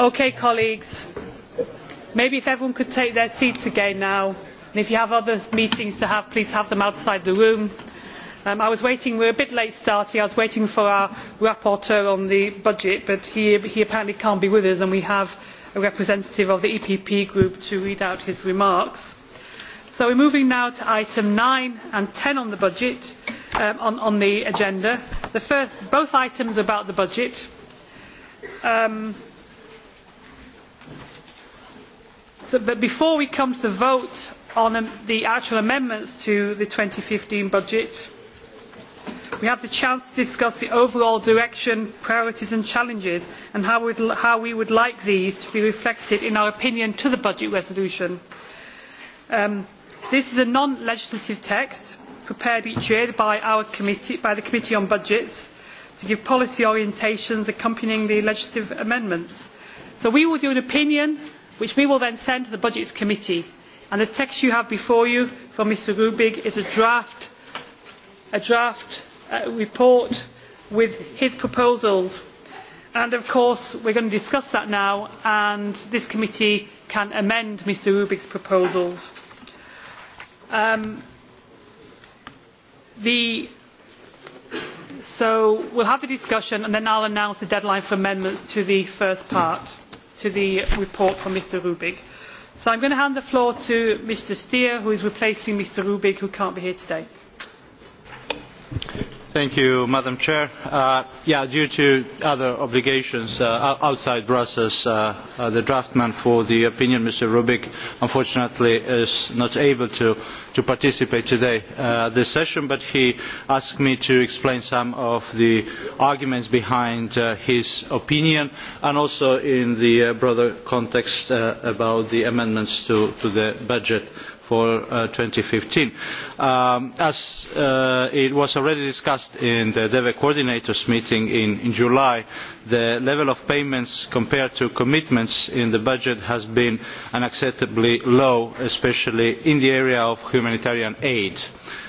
Okay, colleagues maybe if everyone could take their seats again now and if you have other meetings to have please have them outside the room. Um, i was waiting we are a bit late starting i was waiting for our rapporteur on the budget but he, he apparently cannot be with us and we have a representative of the epp group to read out his remarks. so we are moving now to item nine and ten on the budget um, on, on the agenda. The first, both items about the budget. Um, but before we come to vote on um, the actual amendments to the fifteen budget, we have the chance to discuss the overall direction, priorities and challenges and how, we would like these to be reflected in our opinion to the budget resolution. Um, this is a non-legislative text prepared each year by, our committee, by the Committee on Budgets to give policy orientations accompanying the legislative amendments. So we will do an opinion which we will then send to the budgets committee and the text you have before you from mr rbig is a draft, uh, report with his proposals and of course we are going to discuss that now and this committee can amend mr rbig's proposals. Um, so we will have the discussion and then i will announce the deadline for amendments to the first part to the report from Mr rbig. So am going to hand the floor to Mr Stier who is replacing Mr Rubig, who cannot be here today madam president uh, due to other obligations uh, outside brussels uh, the draftsman for the opinion mr rbig unfortunately is not able to, participate today in this session but he asked me to explain some of the arguments behind his opinion and also in the broader context about the amendments to, to the budget for uh, 2015. Um, as uh, it was already discussed in the DEVE e coordinators meeting in, in July, the level of payments compared to commitments in the budget has been unacceptably low, especially in the area of humanitarian aid.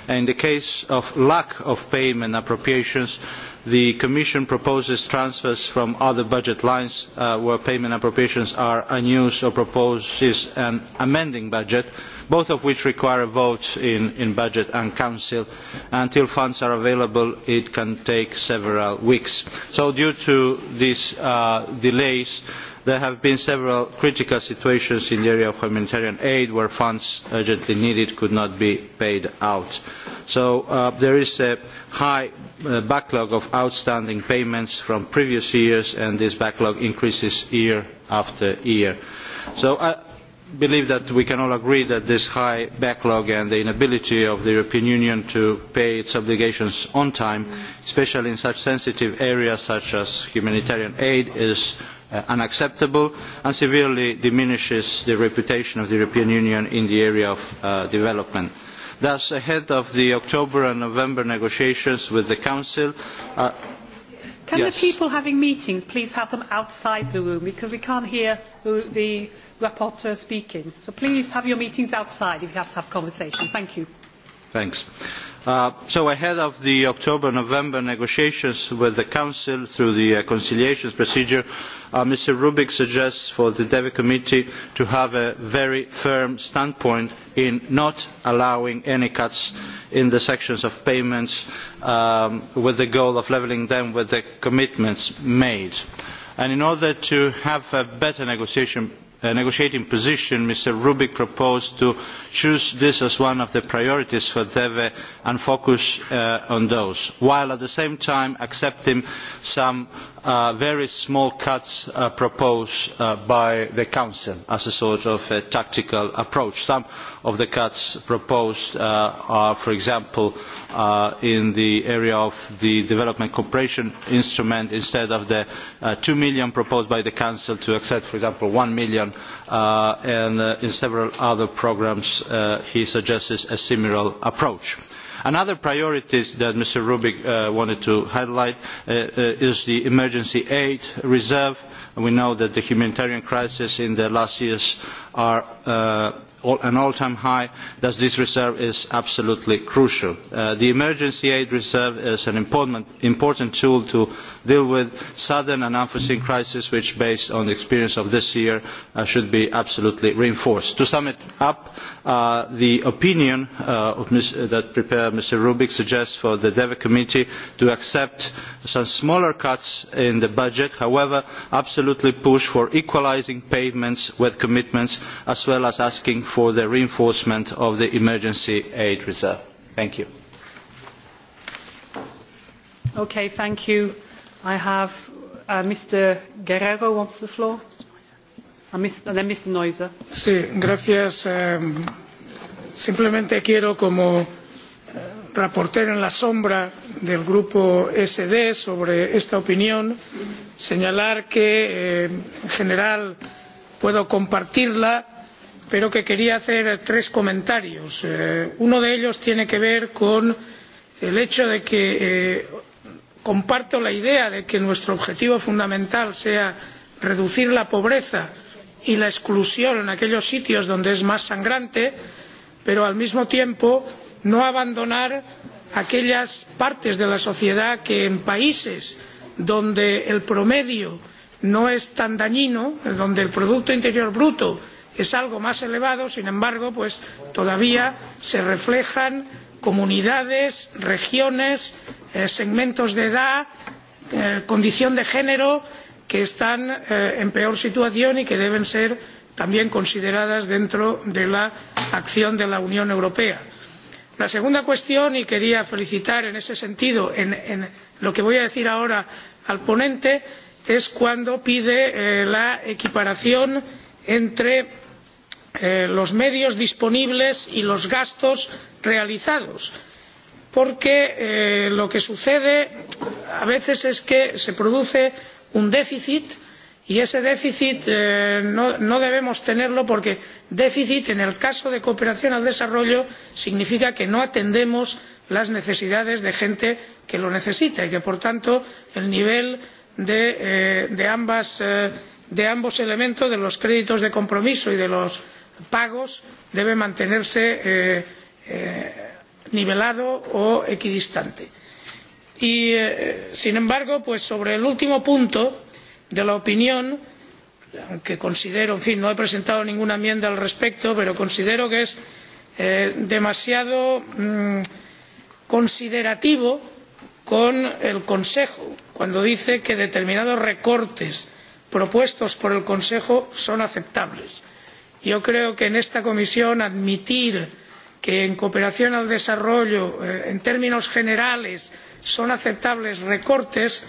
in the case of lack of payment appropriations, the commission proposes transfers from other budget lines uh, where payment appropriations are unused or proposes an amending budget both of which require a vote in, budget and council. until funds are available it can take several weeks. so due to these uh, delays there have been several critical situations in the area of humanitarian aid where funds urgently needed could not be paid out. so uh, there is a high uh, backlog of outstanding payments from previous years and this backlog increases year after year. so believe that we can all agree that this high backlog and the inability of the European Union to pay its obligations on time, especially in such sensitive areas such as humanitarian aid, is uh, unacceptable and severely diminishes the reputation of the European Union in the area of uh, development. Thus, ahead of the October and November negotiations with the Council, uh, can the people having meetings please have them outside the room because we cannot hear the rapporteur speaking. So please have your meetings outside if you have to have conversation. Thank you. Thanks. Uh, so ahead of the october november negotiations with the council through the uh, conciliation procedure uh, mr rbig suggests for the deve committee to have a very firm standpoint in not allowing any cuts in the sections of payments um, with the goal of levelling them with the commitments made. And in order to have a better negotiation Uh, negotiating position mr rbig proposed to choose this as one of the priorities for deve and focus uh, on those while at the same time accepting some uh, very small cuts proposed by the council as a sort of tactical approach. some of the cuts proposed uh, are, for example, uh, in the area of the development cooperation instrument instead of the uh, 2 million proposed by the Council to accept, for example, 1 million, uh, and uh, in several other programs uh, he suggests a similar approach. Another priority that Mr. Rubik uh, wanted to highlight uh, uh, is the emergency aid reserve. We know that the humanitarian crisis in the last years are uh, an all-time high, thus this reserve is absolutely crucial. Uh, the emergency aid reserve is an important, important tool to deal with sudden and unforeseen crises which, based on the experience of this year, uh, should be absolutely reinforced. To sum it up, Uh, the opinion uh, Ms, uh, that prepared Mr. Rubik suggests for the DEVE committee to accept some smaller cuts in the budget, however, absolutely push for equalising payments with commitments as well as asking for the reinforcement of the emergency aid reserve. Thank you. Okay, thank you. I have uh, Mr. Guerrero wants the floor. Eh, simplemente quiero como eh, ponente alternativo del grupo sd sobre esta opinión señalar que eh, en general puedo compartirla pero que quería hacer tres comentarios. uno de ellos tiene que ver con el hecho de que comparto la idea de que nuestro objetivo fundamental sea reducir la pobreza y la exclusión en aquellos sitios donde es más sangrante pero al mismo tiempo no abandonar aquellas partes de la sociedad que en países donde el promedio no es tan dañino donde el producto interior bruto es algo más elevado sin embargo pues todavía se reflejan comunidades regiones eh, segmentos de edad eh, condición de género que están eh, en peor situación y que deben ser también consideradas dentro de la acción de la unión europea. la segunda cuestión y quería felicitar en ese sentido en, lo que voy a decir ahora al ponente es cuando pide eh, la equiparación entre eh, los medios disponibles y los gastos realizados porque lo que sucede a veces es que se produce un déficit y ese déficit eh, no, no, debemos tenerlo porque déficit en el caso de cooperación al desarrollo significa que no atendemos las necesidades de gente que lo necesita y que por tanto el nivel de eh, eh, ambos elementos de los créditos de compromiso y de los pagos debe mantenerse nivelado o equidistante y eh, sin embargo pues sobre el último punto de la opinión aunque considero en fin no he presentado ninguna enmienda al respecto pero considero que es eh, demasiado mm, considerativo con el consejo cuando dice que determinados recortes propuestos por el consejo son aceptables. yo creo que en esta comisión admitir que en cooperación al desarrollo eh, en términos generales son aceptables recortes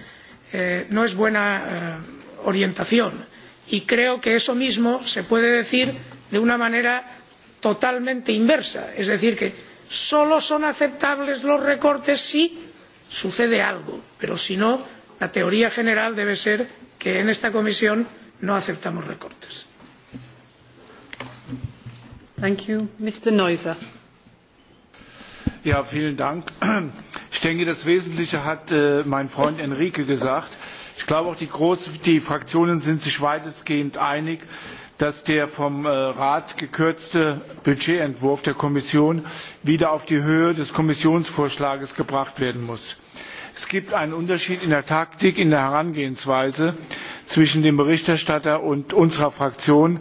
eh, no es buena eh, orientación y creo que eso mismo se puede decir de una manera totalmente inversa es decir que solo son aceptables los recortes si sucede algo pero si no la teoría general debe ser que en esta comisión no aceptamos recortes vielen Dank. Ich denke, das Wesentliche hat äh, mein Freund Enrique gesagt. Ich glaube auch, die, Fraktionen sind sich weitestgehend einig, dass der vom äh, Rat gekürzte Budgetentwurf der Kommission wieder auf die Höhe des Kommissionsvorschlags gebracht werden muss. Es gibt einen Unterschied in der Taktik, in der Herangehensweise zwischen dem Berichterstatter und unserer Fraktion.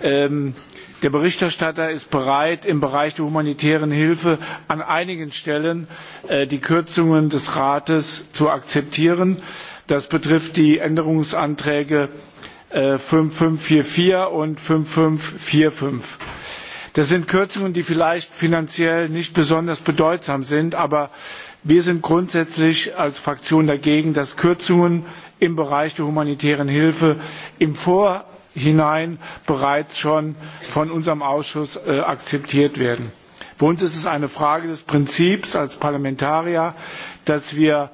Ähm, der berichterstatter ist bereit im bereich der humanitären hilfe an einigen stellen äh, die kürzungen des rates zu akzeptieren. das betrifft die änderungsanträge äh, fünftausendfünfhundertvierundvierzig und. fünftausendfünfhundertfünfundvierzig das sind kürzungen die vielleicht finanziell nicht besonders bedeutsam sind aber wir sind grundsätzlich als fraktion dagegen dass kürzungen im bereich der humanitären hilfe im vor hinein bereits schon von unserem Ausschuss äh, akzeptiert werden. Für uns ist es eine Frage des Prinzips als Parlamentarier, dass wir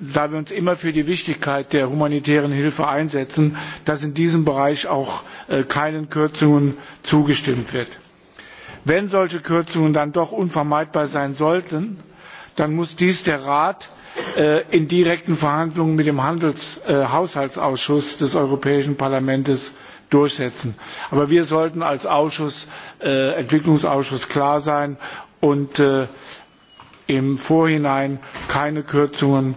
da wir uns immer für die Wichtigkeit der humanitären Hilfe einsetzen, dass in diesem Bereich auch äh, keinen Kürzungen zugestimmt wird. Wenn solche Kürzungen dann doch unvermeidbar sein sollten, dann muss dies der Rat äh, in direkten Verhandlungen mit dem Haushaltsausschuss des Europäischen Parlaments durchsetzen. aber wir sollten als Ausschuss, äh, entwicklungsausschuss klar sein und äh, im vorhinein keine kürzungen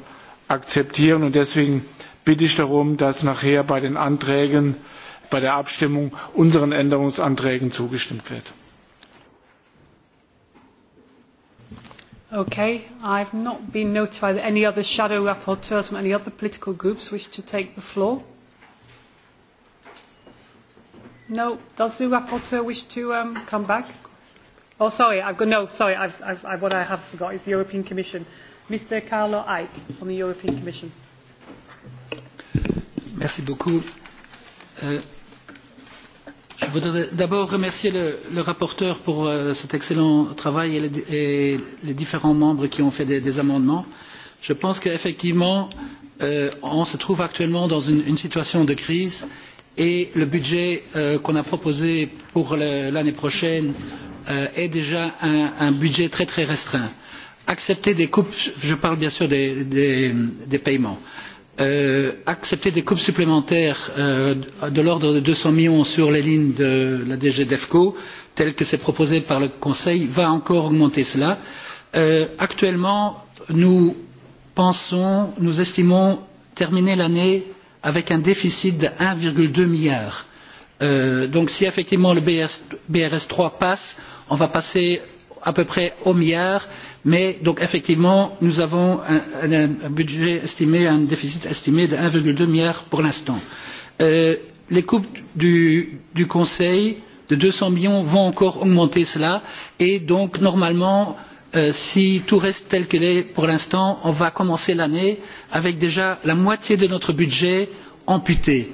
akzeptieren. deswegen bitte ich darum dass nachher bei den anträgen bei der abstimmung unseren änderungsanträgen zugestimmt wird. Okay, I've not been notified that any other shadow rapporteurs from any other political groups wish to take the floor. No, does the rapporteur wish to um, come back? Oh, sorry, I've got, no, sorry, I've, I've, I've, what I have forgot is the European Commission. Mr. Carlo Ike from the European Commission. Merci beaucoup. Euh, je voudrais d'abord remercier le, le rapporteur pour euh, cet excellent travail et, le, et les différents membres qui ont fait des, des amendements. Je pense qu'effectivement, euh, on se trouve actuellement dans une, une situation de crise euh, et le budget euh, qu'on a proposé pour l'année prochaine euh, est déjà un, un budget très très restreint. Accepter des coupes, je parle bien sûr des, des, des paiements, euh, accepter des coupes supplémentaires euh, de l'ordre de 200 millions sur les lignes de la DG DEFCO, tel que c'est proposé par le Conseil, va encore augmenter cela. Euh, actuellement, nous pensons, nous estimons terminer l'année avec un déficit de un deux milliard. Euh, donc si effectivement le BRS trois passe, on va passer à peu près au milliard, mais donc effectivement nous avons un, un, budget estimé, un déficit estimé de un deux milliard pour l'instant. Euh, les coupes du, du Conseil de deux cents millions vont encore augmenter cela et donc normalement Euh, si tout reste tel qu'il est pour l'instant, on va commencer l'année avec déjà la moitié de notre budget amputé.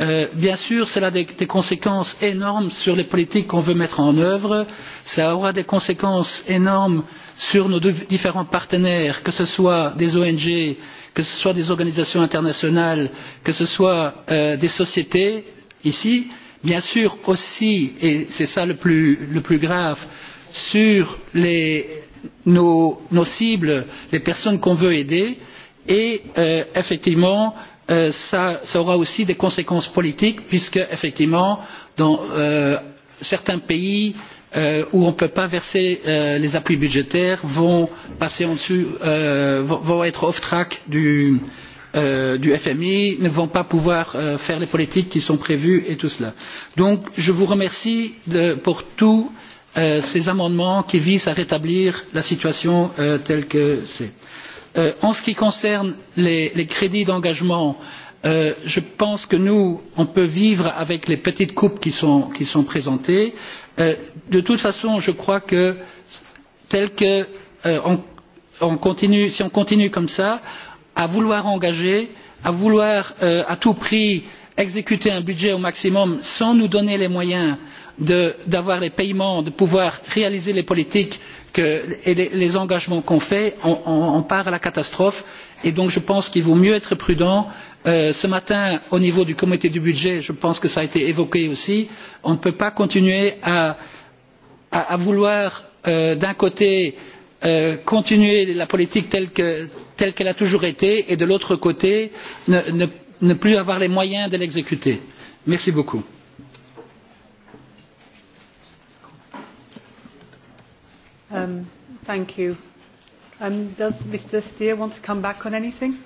Euh, bien sûr, cela a des, conséquences énormes sur les politiques qu'on veut mettre en œuvre. Cela aura des conséquences énormes sur nos différents partenaires, que ce soit des ONG, que ce soit des organisations internationales, que ce soit euh, des sociétés ici. Bien sûr aussi, et c'est cela le plus grave, sur les, nos, nos cibles, les personnes qu'on veut aider, et euh, effectivement, euh, ça, ça aura aussi des conséquences politiques, puisque effectivement, dans euh, certains pays euh, où on ne peut pas verser euh, les appuis budgétaires vont passer en dessous, euh, vont être off track du, euh, du FMI, ne vont pas pouvoir euh, faire les politiques qui sont prévues et tout cela. Donc, je vous remercie de, pour tout Euh, ces amendements qui visent à rétablir la situation euh, telle que c'est. Euh, en ce qui concerne les, crédits d'engagement, je pense que nous, on peut vivre avec les petites coupes qui sont, présentées. de toute façon, je crois que tel que si on continue comme cela à vouloir engager, à vouloir à tout prix exécuter un budget au maximum sans nous donner les moyens d'avoir les paiements de pouvoir réaliser les politiques et les, engagements qu'on fait on, part à la catastrophe et donc je pense qu'il vaut mieux être prudent. Euh, ce matin au niveau du comité du budget je pense que cela a été évoqué aussi on ne peut pas continuer à, vouloir euh, d'un côté euh, continuer la politique telle qu'elle a toujours été et de l'autre côté ne plus avoir les moyens de l'exécuter. merci beaucoup. Um, Um, does Mr. Stier want to come back on anything?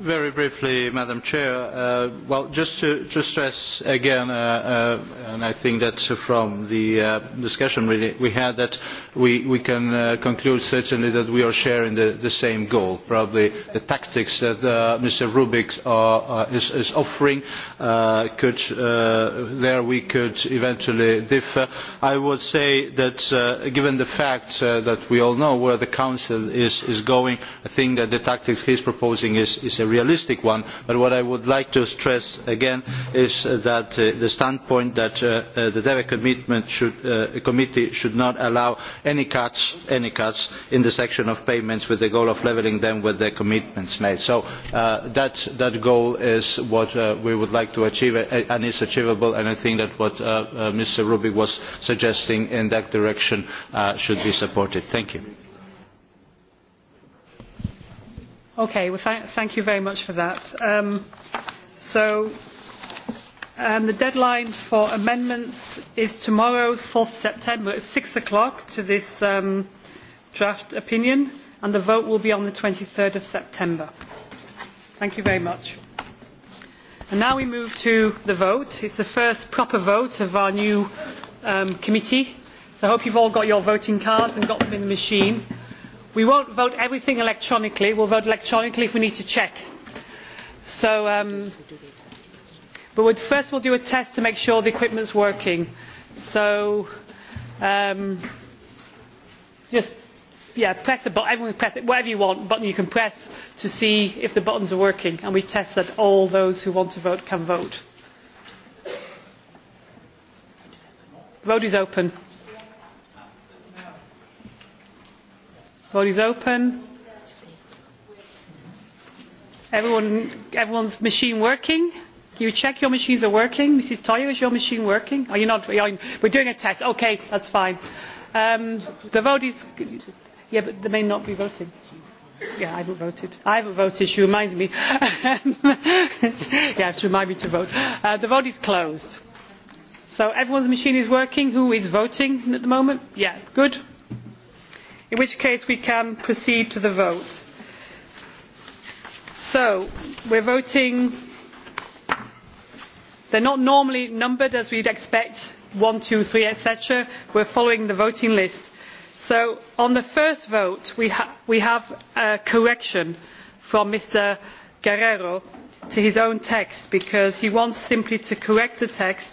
Very briefly, Madam Chair, uh, well, just to, to stress again, uh, uh and I think that from the uh, discussion we, we had, that we, we can uh, conclude certainly that we are sharing the, the same goal. Probably the tactics that uh, Mr. Rubik uh, uh, is, is offering, uh, could, uh, there we could eventually differ. I would say that uh, given the fact uh, that we all know where the Council is, is going, I think that the tactics he's proposing proposing is, is a realistic one but what i would like to stress again is uh, that uh, the standpoint that uh, the deve committee should not allow any cuts, in the section of payments with the goal of levelling them with the commitments made. so that, that goal is what we would like to achieve and is achievable and i think that what mr rbig was suggesting in that direction should be supported. thank you. Okay, well, thank you very much for that. Um, so um, the deadline for amendments is tomorrow, four September, at six o'clock to this um, draft opinion, and the vote will be on the three rd of September. Thank you very much. And now we move to the vote. It is the first proper vote of our new committee. So I hope you have all got your voting cards and got them in the machine we will not vote everything electronically we will vote electronically if we need to check so, um, but first we will do a test to make sure the equipment is working so um, just yeah, press the button everyone press it whatever you want button you can press to see if the buttons are working and we test that all those who want to vote can vote. vote is open. Vote is open. Everyone, everyone's machine working? Can you check your machines are working? Mrs. Toyo, is your machine working? Are you not? we're doing a test. Okay, that's fine. Um, the vote is. Yeah, but they may not be voting. Yeah, I haven't voted. I haven't voted. She reminds me. yeah, she reminded me to vote. Uh, the vote is closed. So everyone's machine is working. Who is voting at the moment? Yeah, good in which case we can proceed to the vote. so we are voting they are not normally numbered as we would expect one two three etc. we are following the voting list. so on the first vote we have a correction from mr guerrero to his own text because he wants simply to correct the text.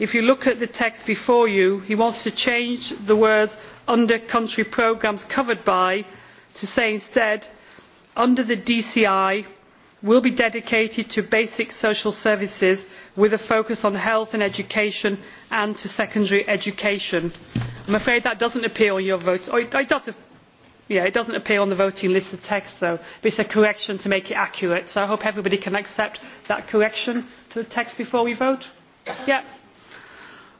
if you look at the text before you he wants to change the words under country programmes covered by to say instead under the dci will be dedicated to basic social services with a focus on health and education and to secondary education. i am afraid that does not appear on your vote or oh, it does not appear on the voting list of text though, but it is a correction to make it accurate. So I hope everybody can accept that correction to the text before we vote. Yeah.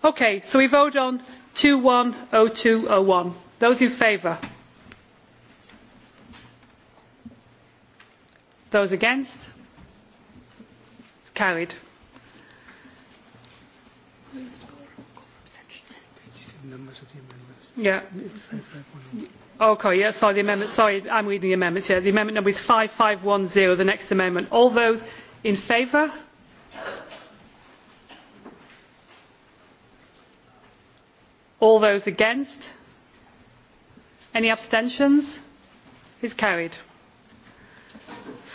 Okay, so we vote on two one oh two oh one. Those in favour? Those against? It's carried. Yeah. Okay, yeah, sorry, the amendment, sorry, I'm reading the amendments, yeah. The amendment number is 5510, the next amendment. All those in favour? all those against any abstentions is carried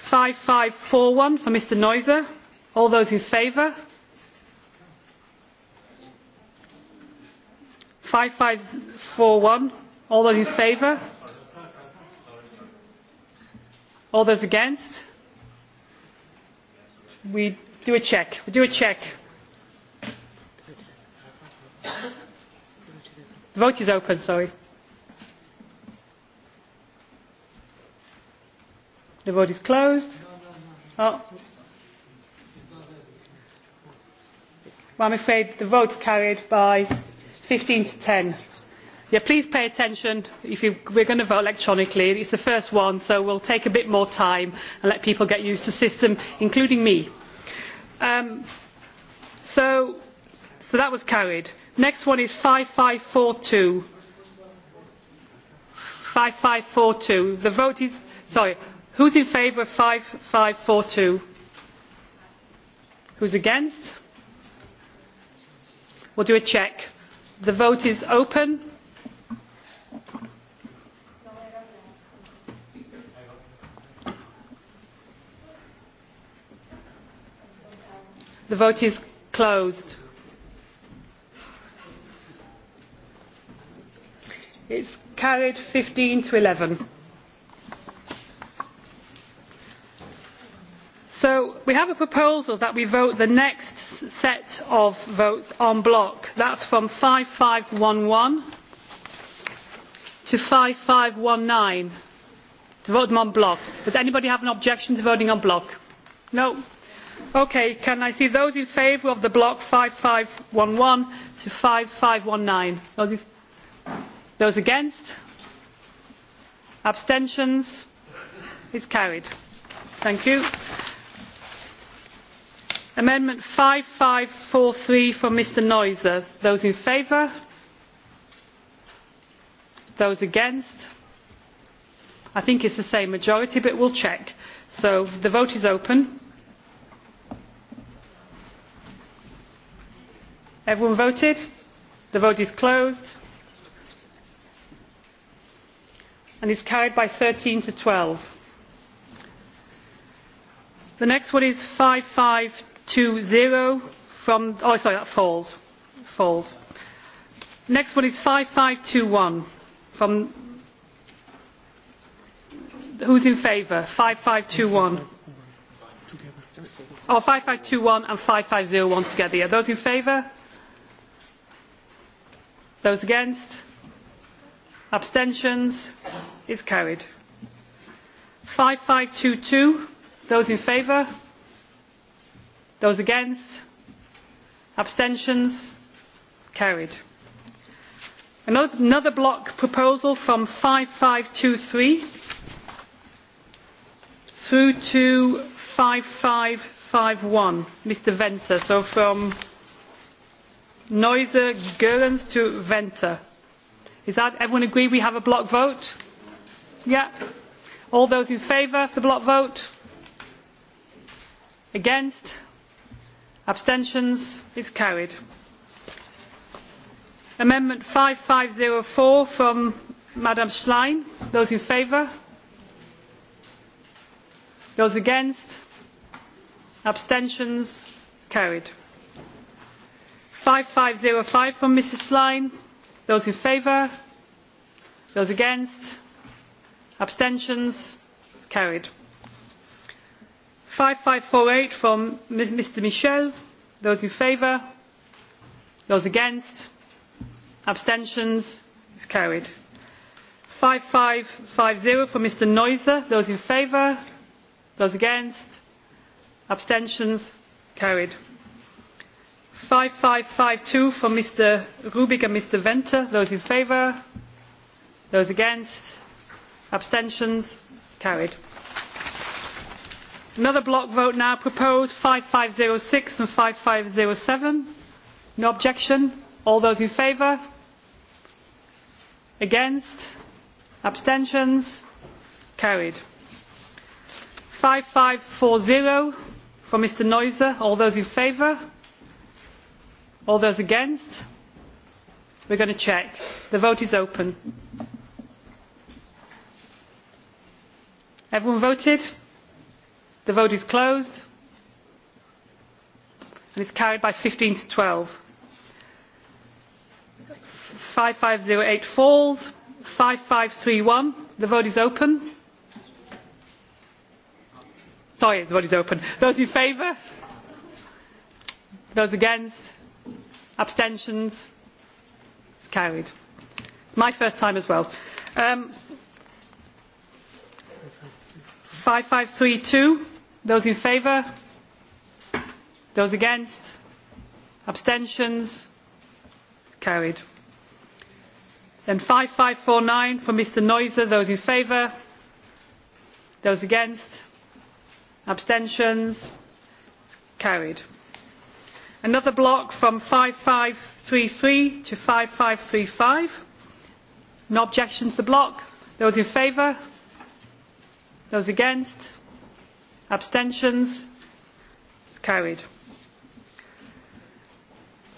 five five four one for mr neuser all those in favour five five four one all those in favour all those against we do a check we do a check The vote is open, sorry. The vote is closed. Oh. Well, I'm afraid the vote's carried by 15 to 10. Yeah, please pay attention. If you, we're going to vote electronically. It's the first one, so we'll take a bit more time and let people get used to the system, including me. Um, so so that was carried. next one is five five four two five five four two the vote is sorry who's in favour of five five four two who's against we'll do a check the vote is open the vote is closed it is carried fifteen to eleven. so we have a proposal that we vote the next set of votes en bloc that is from five five one one to five five one nine to vote them en bloc. does anybody have an objection to voting en bloc? no? okay can i see those in favour of the block five five one one to five five one nine nineteen? those against abstentions it is carried thank you amendment five five four three from mr neuser those in favour those against i think it is the same majority but we will check so the vote is open everyone voted the vote is closed and is carried by thirteen to. twelve the next one is five five two zero from oh sorry that falls falls next one is five five two one from who's in favour five five two one Oh, 5521 and 5501 together. Yeah. Those in favour? Those against? abstentions is carried five five two two those in favour those against abstentions carried another block proposal from five five two three through to five five five one mr wenta so from Neuser Goerens to Venter Is that, everyone agree we have a block vote? Yeah. All those in favour of the block vote? Against? Abstentions? It's carried. Amendment 5504 from Madame Schlein. Those in favour? Those against? Abstentions? Carried. 5505 from Mrs. Schlein those in favour those against abstentions it's carried five five four eight from mr michel those in favour those against abstentions it's carried five five five zero from mr neuser those in favour those against abstentions carried Five five two from Mr. Rubik and Mr. Venter. Those in favour? Those against? Abstentions? Carried. Another block vote now proposed five five zero six and five five zero seven. No objection? All those in favour? Against? Abstentions? Carried. five five four zero from Mr. Neuser. All those in favour? all those against We're going to check the vote is open everyone voted the vote is closed and it's carried by fifteen to twelve five five zero eight falls five five three one the vote is open sorry the vote is open those in favour those against abstentions it is carried my first time as well um, five five three two those in favour those against abstentions It's carried then five five four nine from mr neuser those in favour those against abstentions carried another block from five five three three to five five three five no objection to the block those in favour those against abstentions it is carried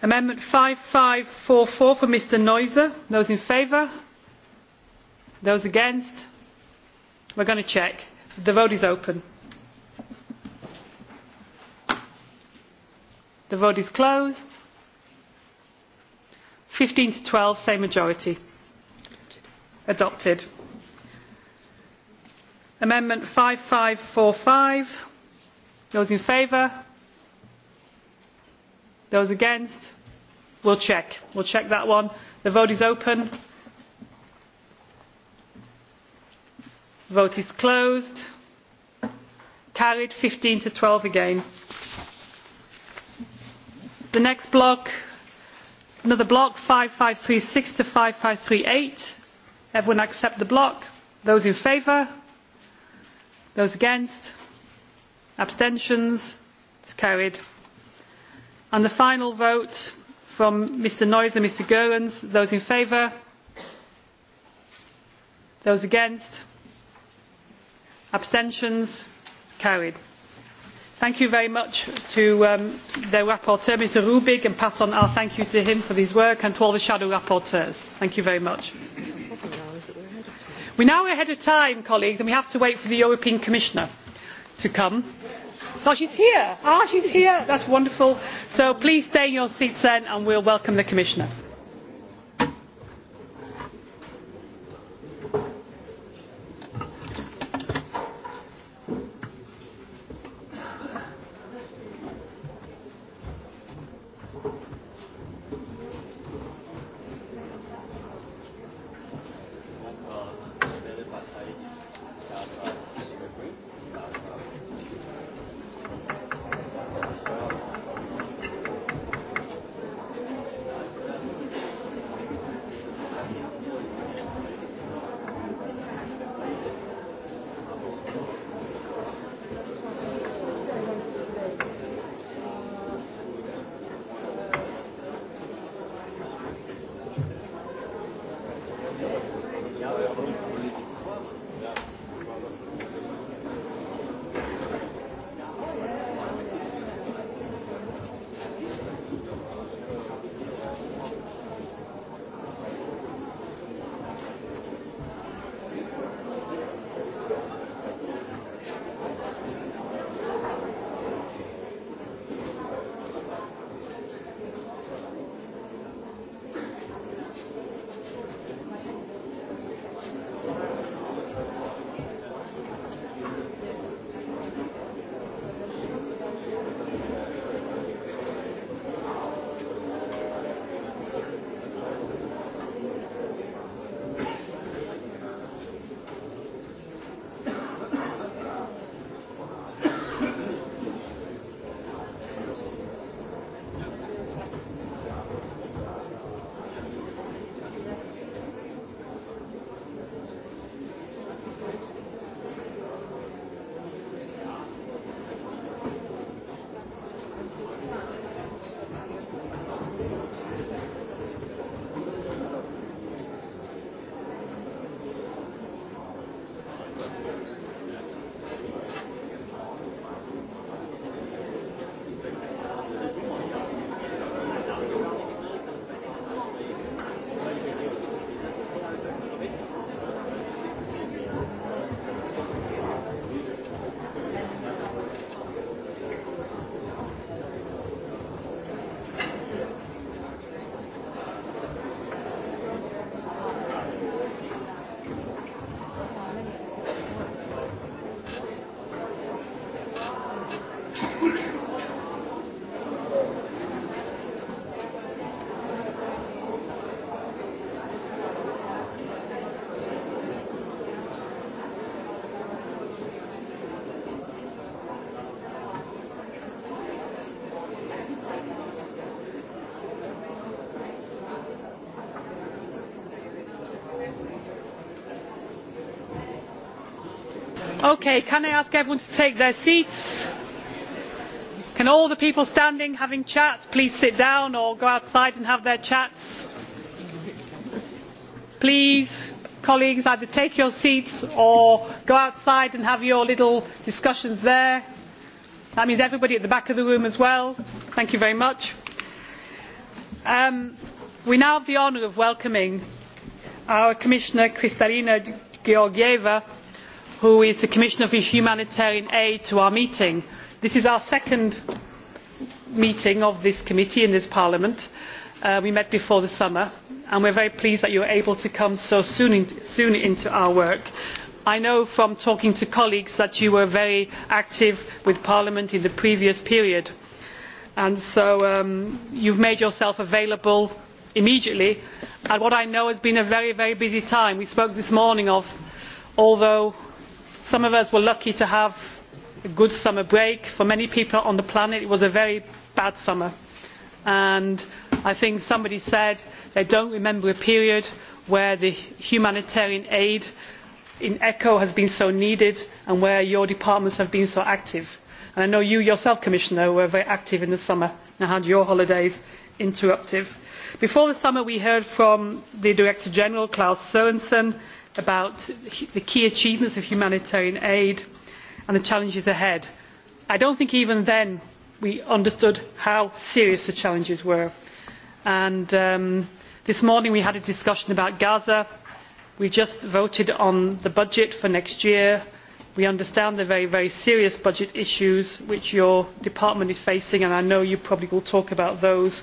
amendment five five four four for mr neuser those in favour those against we are going to check the vote is open the vote is closed fifteen to twelve same majority adopted amendment five five four five those in favour those against we'll check we'll check that one the vote is open vote is closed carried fifteen to twelve again the next block another block five five three six to five five three eight everyone accept the block those in favour those against abstentions it is carried and the final vote from mr Noyes and mr goerens those in favour those against abstentions it is carried thank you very much to um, the rapporteur mr rbig and pass on our thank you to him for his work and to all the shadow rapporteurs. thank you very much. we are now ahead of time colleagues and we have to wait for the european commissioner to come. so she is here. ah she is here. that is wonderful. so please stay in your seats then and we will welcome the commissioner. Okay, can I ask everyone to take their seats? Can all the people standing having chats please sit down or go outside and have their chats? Please, colleagues, either take your seats or go outside and have your little discussions there. That means everybody at the back of the room as well. Thank you very much. Um, we now have the honour of welcoming our Commissioner Kristalina Georgieva who is the commissioner for humanitarian aid to our meeting. this is our second meeting of this committee in this parliament. Uh, we met before the summer and we are very pleased that you were able to come so soon, soon into our work. i know from talking to colleagues that you were very active with parliament in the previous period and so um, you have made yourself available immediately at what i know has been a very busy time. we spoke this morning of although some of us were lucky to have a good summer break. for many people on the planet it was a very bad summer and i think somebody said they do not remember a period where the humanitarian aid in echo has been so needed and where your departments have been so active. And i know you yourself commissioner were very active in the summer and had your holidays interrupted. before the summer we heard from the director general klaus sorensen about the key achievements of humanitarian aid and the challenges ahead. I do not think even then we understood how serious the challenges were. And, um, this morning we had a discussion about Gaza. We just voted on the budget for next year. We understand the very, very serious budget issues which your department is facing, and I know you probably will talk about those.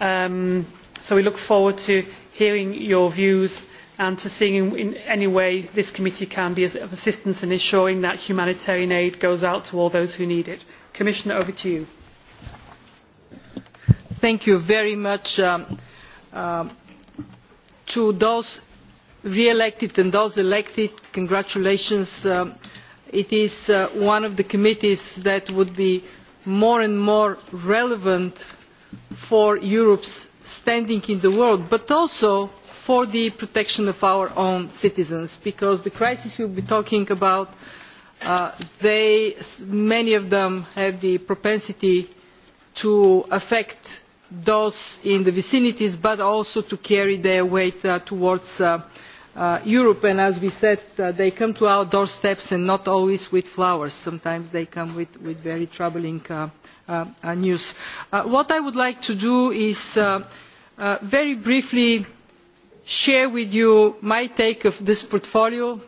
Um, so we look forward to hearing your views and to see in any way this committee can be of assistance in ensuring that humanitarian aid goes out to all those who need it. Commissioner, over to you. Thank you very much um, uh, to those re-elected and those elected. Congratulations. Um, it is uh, one of the committees that would be more and more relevant for Europe's standing in the world, but also for the protection of our own citizens because the crisis we will be talking about uh, many of them have the propensity to affect those in the vicinities but also to carry their weight uh, towards uh, europe and as we said they come to our doorsteps and not always with flowers sometimes they come with, with very troubling news. what i would like to do is very briefly share with you my take on this portfolio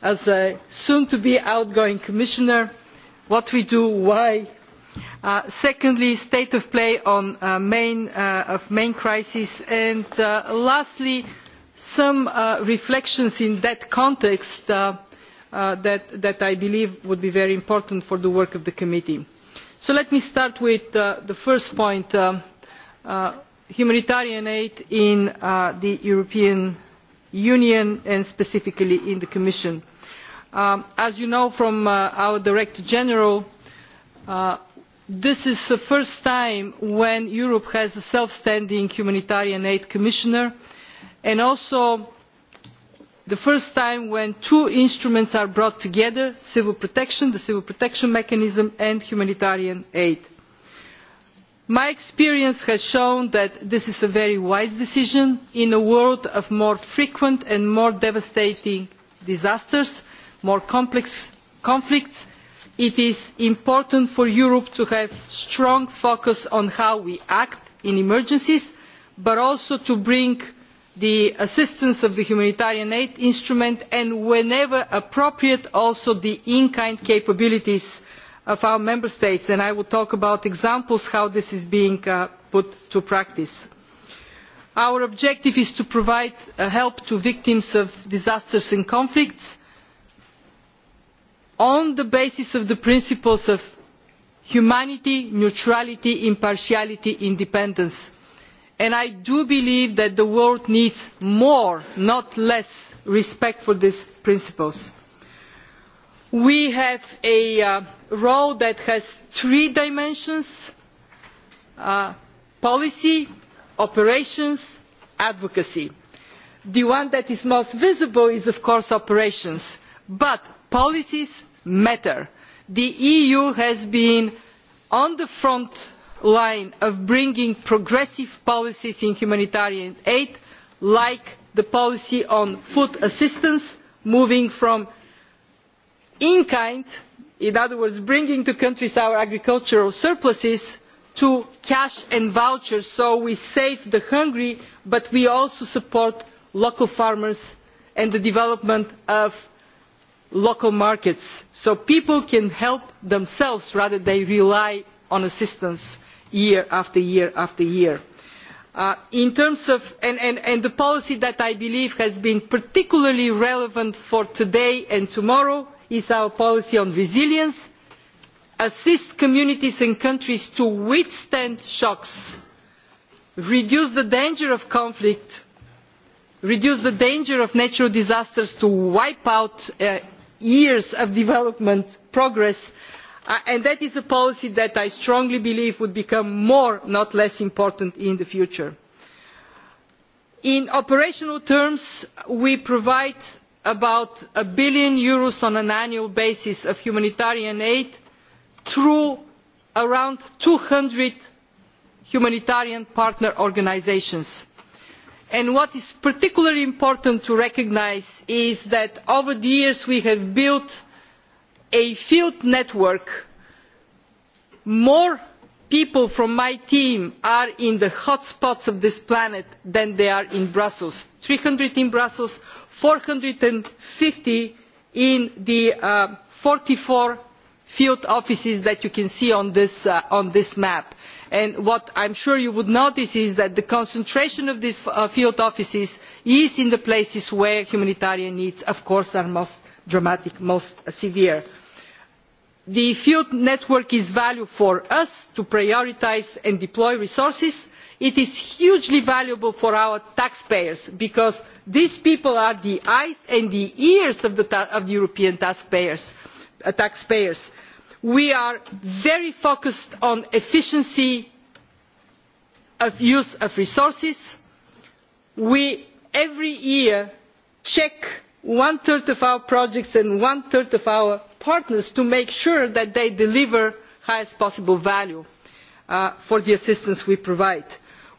as a soon to be outgoing commissioner what we do why uh, secondly state of play on the uh, main, uh, crises and uh, lastly some reflections in that context that, that i believe would be very important for the work of the committee. so let me start with the first point um, humanitarian aid in uh, the european union and specifically in the commission. Um, as you know from uh, our director general uh, this is the first time when europe has a self standing humanitarian aid commissioner and also the first time when two instruments are brought together civil protection the civil protection mechanism and humanitarian aid my experience has shown that this is a very wise decision in a world of more frequent and more devastating disasters and more complex conflicts it is important for europe to have a strong focus on how we act in emergencies but also to bring the assistance of the humanitarian aid instrument and whenever appropriate also the in kind capabilities of our member states and i will talk about examples of how this is being uh, put into practice. our objective is to provide uh, help to victims of disasters and conflicts on the basis of the principles of humanity neutrality impartiality and independence and i do believe that the world needs more not less respect for these principles we have a uh, role that has three dimensions uh, policy operations and advocacy. the one that is most visible is of course operations but policies matter. the eu has been on the front line of bringing progressive policies in humanitarian aid like the policy on food assistance moving from in kind in other words bringing to countries our agricultural surpluses to cash and vouchers so we save the hungry but we also support local farmers and the development of local markets so people can help themselves rather than rely on assistance year after year after year. Uh, in terms of and the policy that i believe has been particularly relevant for today and tomorrow is our policy on resilience assist communities and countries to withstand shocks reduce the danger of conflict reduce the danger of natural disasters to wipe out uh, years of development progress uh, and that is a policy that i strongly believe would become more not less important in the future. in operational terms we provide about a billion euros on an annual basis of humanitarian aid through around two hundred humanitarian partner organisations. what is particularly important to recognise is that over the years we have built a field network more people from my team are in the hot spots of this planet than they are in brussels three hundred in brussels four hundred and fifty in the uh, forty four field offices that you can see on this, uh, map. And what i am sure you would notice is that the concentration of these uh, field offices is in the places where humanitarian needs of course are most dramatic most severe the field network is valuable for us to prioritise and deploy resources it is hugely valuable for our taxpayers because these people are the eyes and the ears of the, european taxpayers, uh, taxpayers. we are very focused on efficiency of use of resources. we every year check one third of our projects and one third of our partners to make sure that they deliver the highest possible value uh, for the assistance we provide.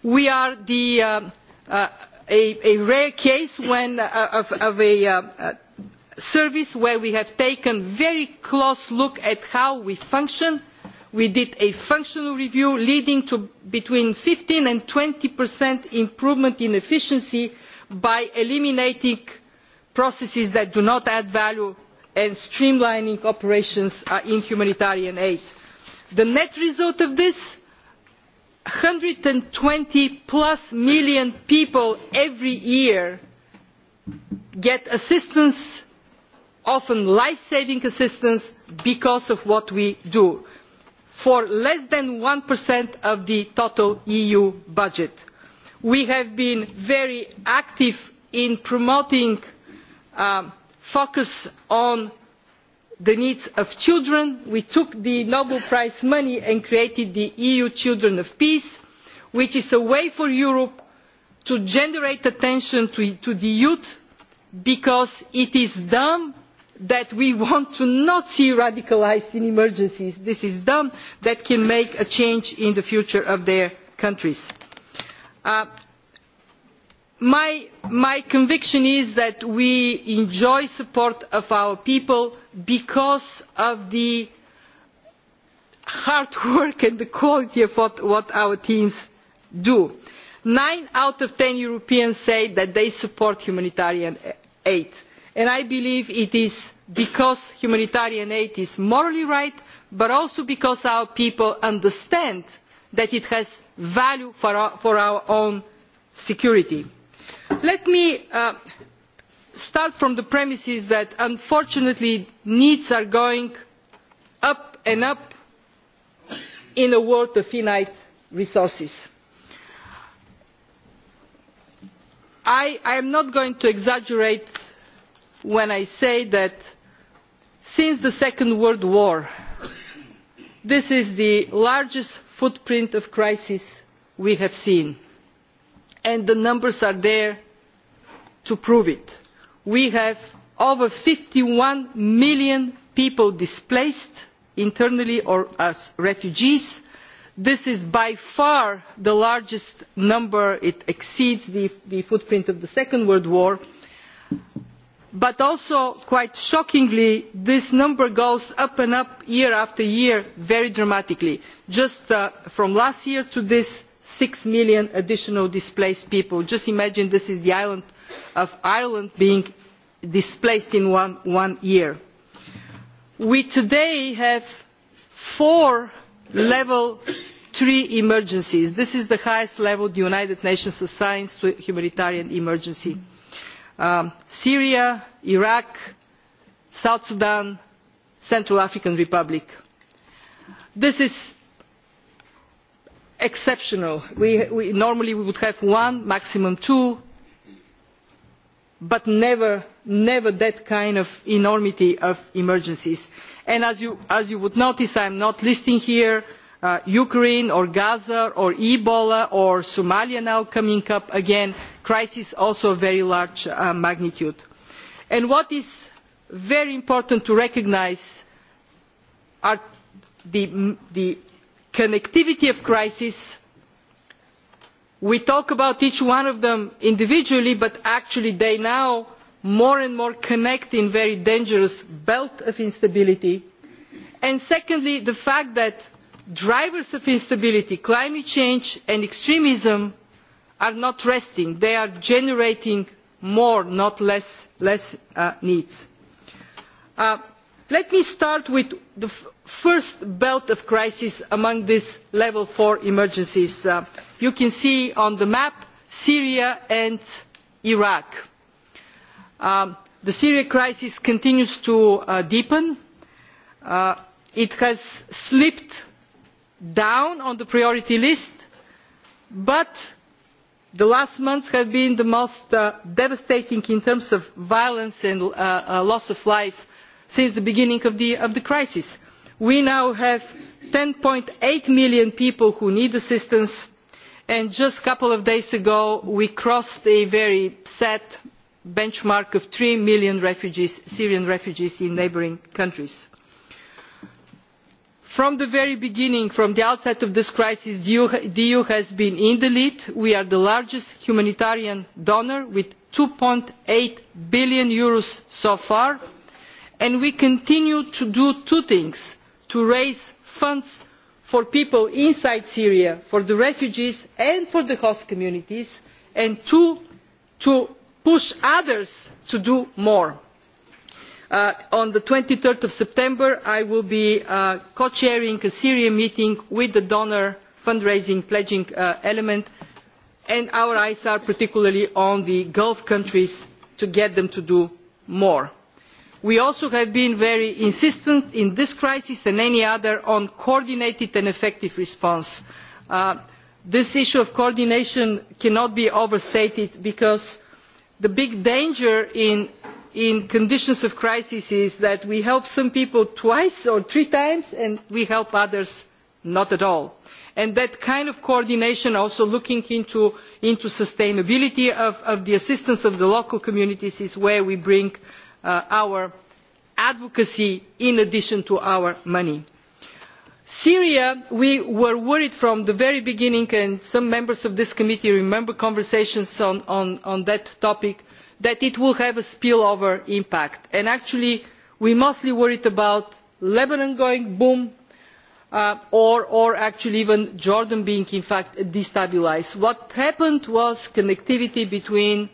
we are um, uh, a, rare case uh, of, of a service where we have taken a very close look at how we function. we did a functional review leading to between fifteen and twenty improvement in efficiency by eliminating processes that do not add value and streamlining operations in humanitarian aid. the net result of this one hundred and twenty plus million people every year get assistance often life saving assistance because of what we do for less than one of the total eu budget. we have been very active in promoting Um, focus on the needs of children we took the nobel prize money and created the eu children of peace which is a way for europe to generate attention to, the youth because it is them that we want to not see radicalised in emergencies. this is them that can make a change in the future of their countries. Uh, my, conviction is that we enjoy the support of our people because of the hard work and the quality of what, our teams do. nine out of ten europeans say that they support humanitarian aid and i believe it is because humanitarian aid is morally right but also because our people understand that it has value for our own security let me uh, start from the premise that unfortunately needs are going up and up in a world of finite resources. I, i am not going to exaggerate when i say that since the second world war this is the largest footprint of crisis we have seen and the numbers are there to prove it. we have over fifty one million people displaced internally or as refugees. this is by far the largest number it exceeds the, footprint of the second world war but also quite shockingly this number goes up and up year after year very dramatically. just uh, from last year to this six million additional displaced people. just imagine this is the island of ireland being displaced in one, year. we today have four level three emergencies. this is the highest level the united nations assigns to a humanitarian emergency um, syria iraq south sudan central african republic. this is exceptional. normally we would have one maximum two but never, that kind of enormity of emergencies. And as, you, as you would notice i am not listing here uh, ukraine or gaza or ebola or somalia now coming up again crises also of very large uh, magnitude. And what is very important to recognise are the, the connectivity of crises we talk about each one of them individually but actually they now more and more connect in a very dangerous belt of instability and secondly the fact that drivers of instability climate change and extremism are not resting they are generating more not less, uh, needs. Uh, let me start with the first belt of crisis among these level four emergencies. Uh, you can see on the map syria and iraq. Um, the syria crisis continues to uh, deepen. Uh, it has slipped down on the priority list but the last months have been the most devastating in terms of violence and loss of life since the beginning of the, of the crisis we now have. ten eight million people who need assistance and just a couple of days ago we crossed a very sad benchmark of three million syrian refugees in neighbouring countries. from the very beginning from the outset of this crisis the eu, e has been in the lead. we are the largest humanitarian donor with eur. two eight billion so far and we continue to do two things to raise funds for people inside syria for the refugees and for the host communities and two to push others to do more. Uh, on twenty three september i will be uh, co chairing a syria meeting with the donor fundraising pledging uh, element and our eyes are particularly on the gulf countries to get them to do more we also have been very insistent in this crisis and any other on a coordinated and effective response. Uh, this issue of coordination cannot be overstated because the big danger in, conditions of crisis is that we help some people twice or three times and we help others not at all. that kind of coordination also looking into the sustainability of the assistance of the local communities is where we bring Uh, our advocacy in addition to our money. syria we were worried from the very beginning and some members of this committee remember conversations on, that topic that it will have a spill over impact and actually we mostly worried about lebanon going boom uh, or, or actually even jordan being in fact destabilised. what happened was connectivity between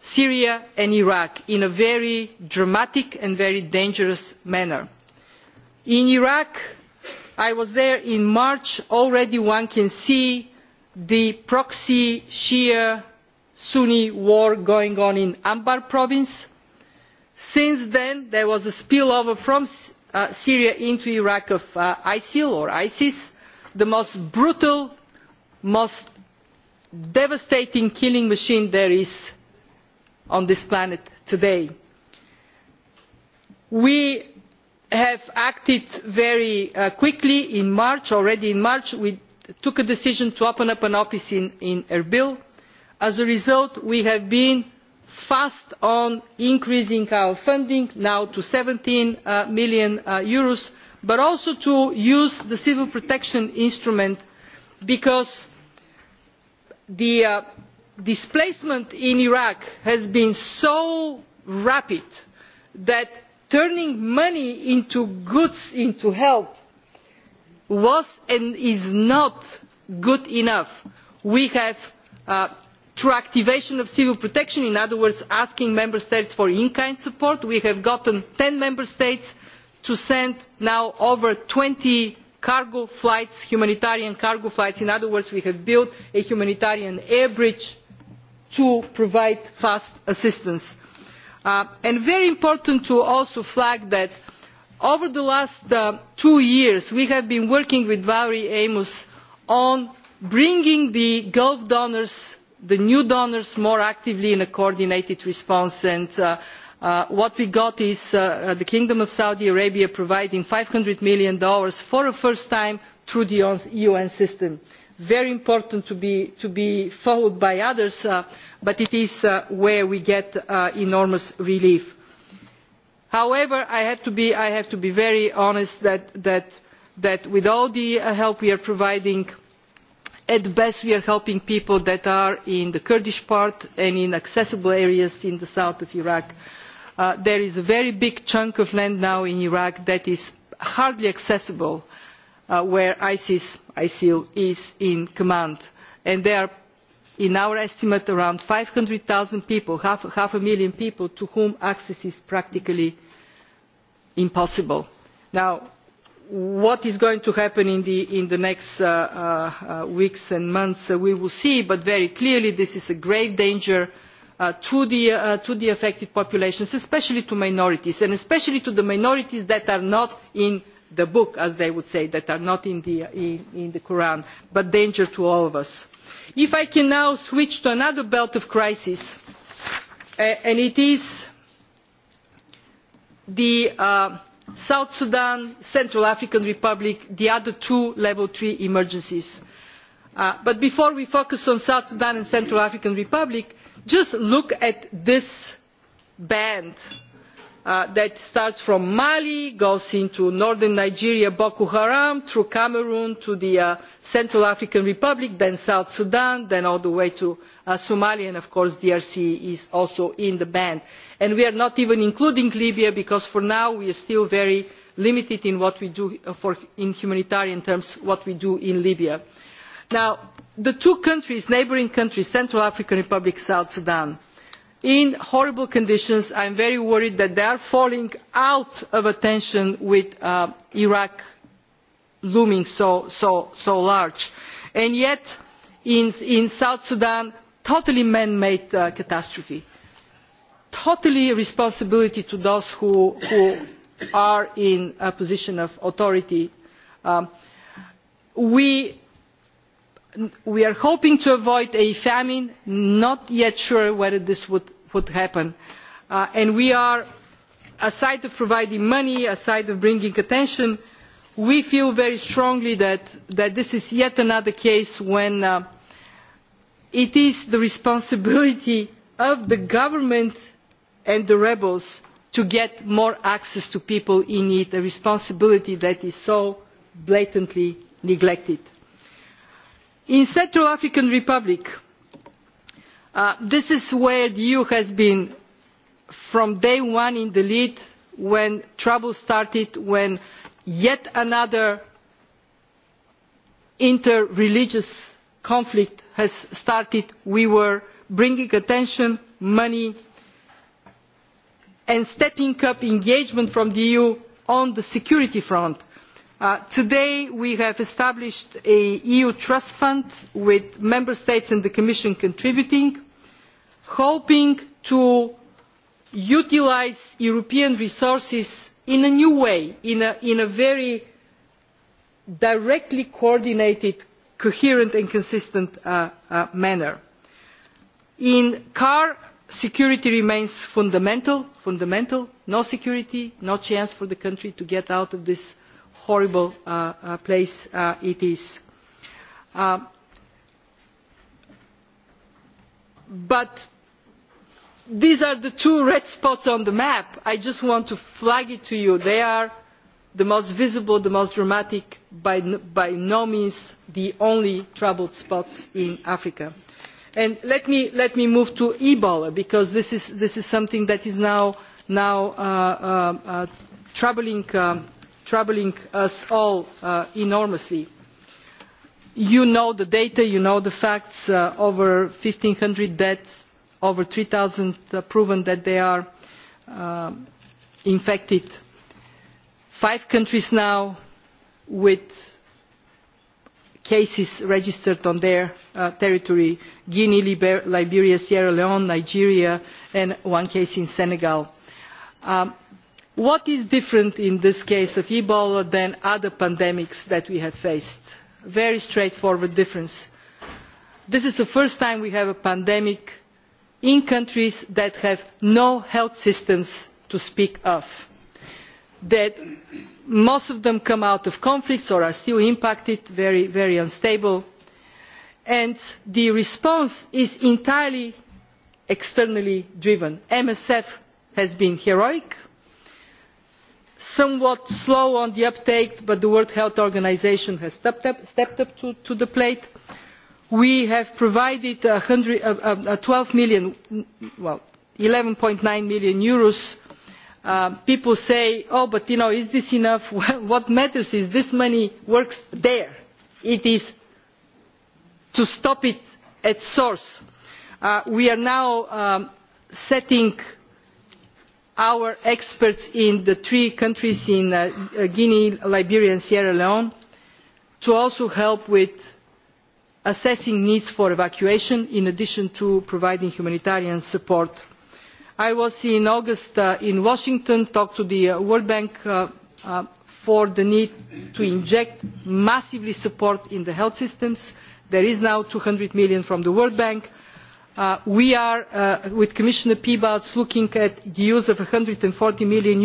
syria and iraq in a very dramatic and very dangerous manner. in iraq i was there in march already one can see the proxy shia sunni war going on in anbar province. since then there was a spill over from uh, syria into iraq of uh, isil or isis the most brutal most devastating killing machine there is on this planet today. we have acted very uh, quickly in march already in march we took a decision to open up an office in, erbil. as a result we have been fast on increasing our funding now to eur seventeen uh, million uh, but also to use the civil protection instrument because the displacement in iraq has been so rapid that turning money into goods into help was and is not good enough. we have uh, through activation of civil protection in other words asking member states for in kind support we have gotten ten member states to send now over twenty cargo flights humanitarian cargo flights in other words we have built a humanitarian air bridge to provide fast assistance. It uh, is very important to also flag that over the last uh, two years we have been working with Valerie Amos on bringing the Gulf donors, the new donors, more actively in a coordinated response. And uh, what we got is the Kingdom of Saudi Arabia providing USD five hundred million for the first time through the UN e system very important to be, followed by others uh, but it is uh, where we get uh, enormous relief. however i have to be, very honest that, with all the help we are providing at best we are helping people that are in the kurdish part and in accessible areas in the south of iraq. there is a very big chunk of land now in iraq that is hardly accessible Uh, where isis ISIL is in command and there are in our estimate around five hundred zero people half, a million people to whom access is practically impossible. what is going to happen in the, next uh, uh, weeks and months we will see but very clearly this is a grave danger to the, to the affected populations especially to minorities and especially to the minorities that are not in the book as they would say that are not in the, koran quran but danger to all of us. if i can now switch to another belt of crisis uh, and it is the uh, south sudan central african republic the other two level three emergencies. Uh, but before we focus on south sudan and central african republic just look at this band Uh, that starts from mali goes into northern nigeria boko haram through cameroon to the uh, central african republic then south sudan then all the way to uh, somalia and of course drc is also in the band. And we are not even including libya because for now we are still very limited in what we do in humanitarian terms what we do in libya. now the two countries neighbouring countries central african republic and south sudan in horrible conditions. i am very worried that they are falling out of attention with uh, iraq looming so, large and yet in, south sudan totally man made uh, catastrophe totally responsibility to those who, are in a position of authority. Um, we we are hoping to avoid a famine not yet sure whether this would, happen uh, and we are aside from providing money aside from bringing attention we feel very strongly that, this is yet another case when uh, it is the responsibility of the government and the rebels to get more access to people in need a responsibility that is so blatantly neglected in the central african republic uh, this is where the eu has been from day one in the lead when trouble started when yet another inter religious conflict has started we were bringing attention money and stepping up engagement from the eu on the security front. Uh, today we have established an eu trust fund with member states and the commission contributing hoping to utilise european resources in a new way in a, very directly coordinated coherent and consistent uh, uh, manner. in car security remains fundamental no security no chance for the country to get out of this horrible uh, uh, place uh, it is. but these are the two red spots on the map. i just want to flag it to you. they are the most visible the most dramatic but by no means the only troubled spots in africa. Let me, let me move to ebola because this is, something that is now, now troubling um, troubling us all uh, enormously. you know the data you know the facts uh, over one five hundred deaths over three thousand uh, proven that they are infected five countries now with cases registered on their territory guinea liberia sierra leone nigeria and one case in senegal. Um, what is different in this case of ebola than other pandemics that we have faced? a very straightforward difference this is the first time we have a pandemic in countries that have no health systems to speak of that most of them come out of conflicts or are still impacted very very unstable and the response is entirely externally driven. msf has been heroic somewhat slow on the uptake but the world health organisation has stepped up, to, the plate. we have provided eur twelve million eleven nine million uh, people say oh but you know is this enough? what matters is this money works there. it is to stop it at source. Uh, we are now um, setting our experts in the three countries in uh, uh, guinea liberia and sierra leone to also help with assessing needs for evacuation in addition to providing humanitarian support. i was in august uh, in washington and talked to the world bank about the need to inject massive support into the health systems. there is now eur two hundred million from the world bank Uh, we are uh, with commissioner piebalgs looking at the use of eur one hundred and forty million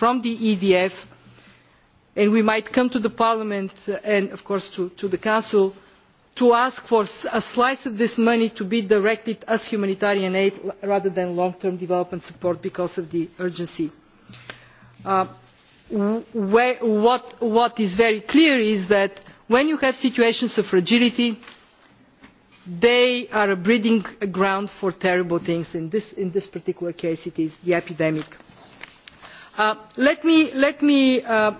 from the edf and we might come to parliament uh, and of course to, the council to ask for a slice of this money to be directed as humanitarian aid rather than long term development support because of the urgency. what is very clear is that when you have situations of fragility they are a breeding ground for terrible things. In this, in this particular case, it is the epidemic. Uh, let me, uh,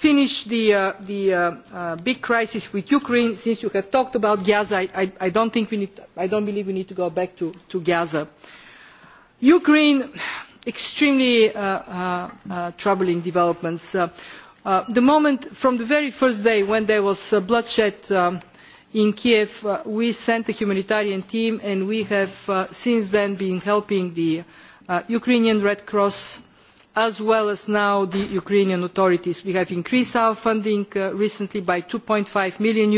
finish the, uh, big crisis with Ukraine. Since you have talked about Gaza, I, do not don't believe we need to go back to, Gaza. Ukraine, extremely troubling developments. the moment from the very first day when there was bloodshed um, in kiev uh, we sent a humanitarian team and we have uh, since then been helping the uh, ukrainian red cross as well as now the ukrainian authorities. we have increased our funding recently by eur. two five million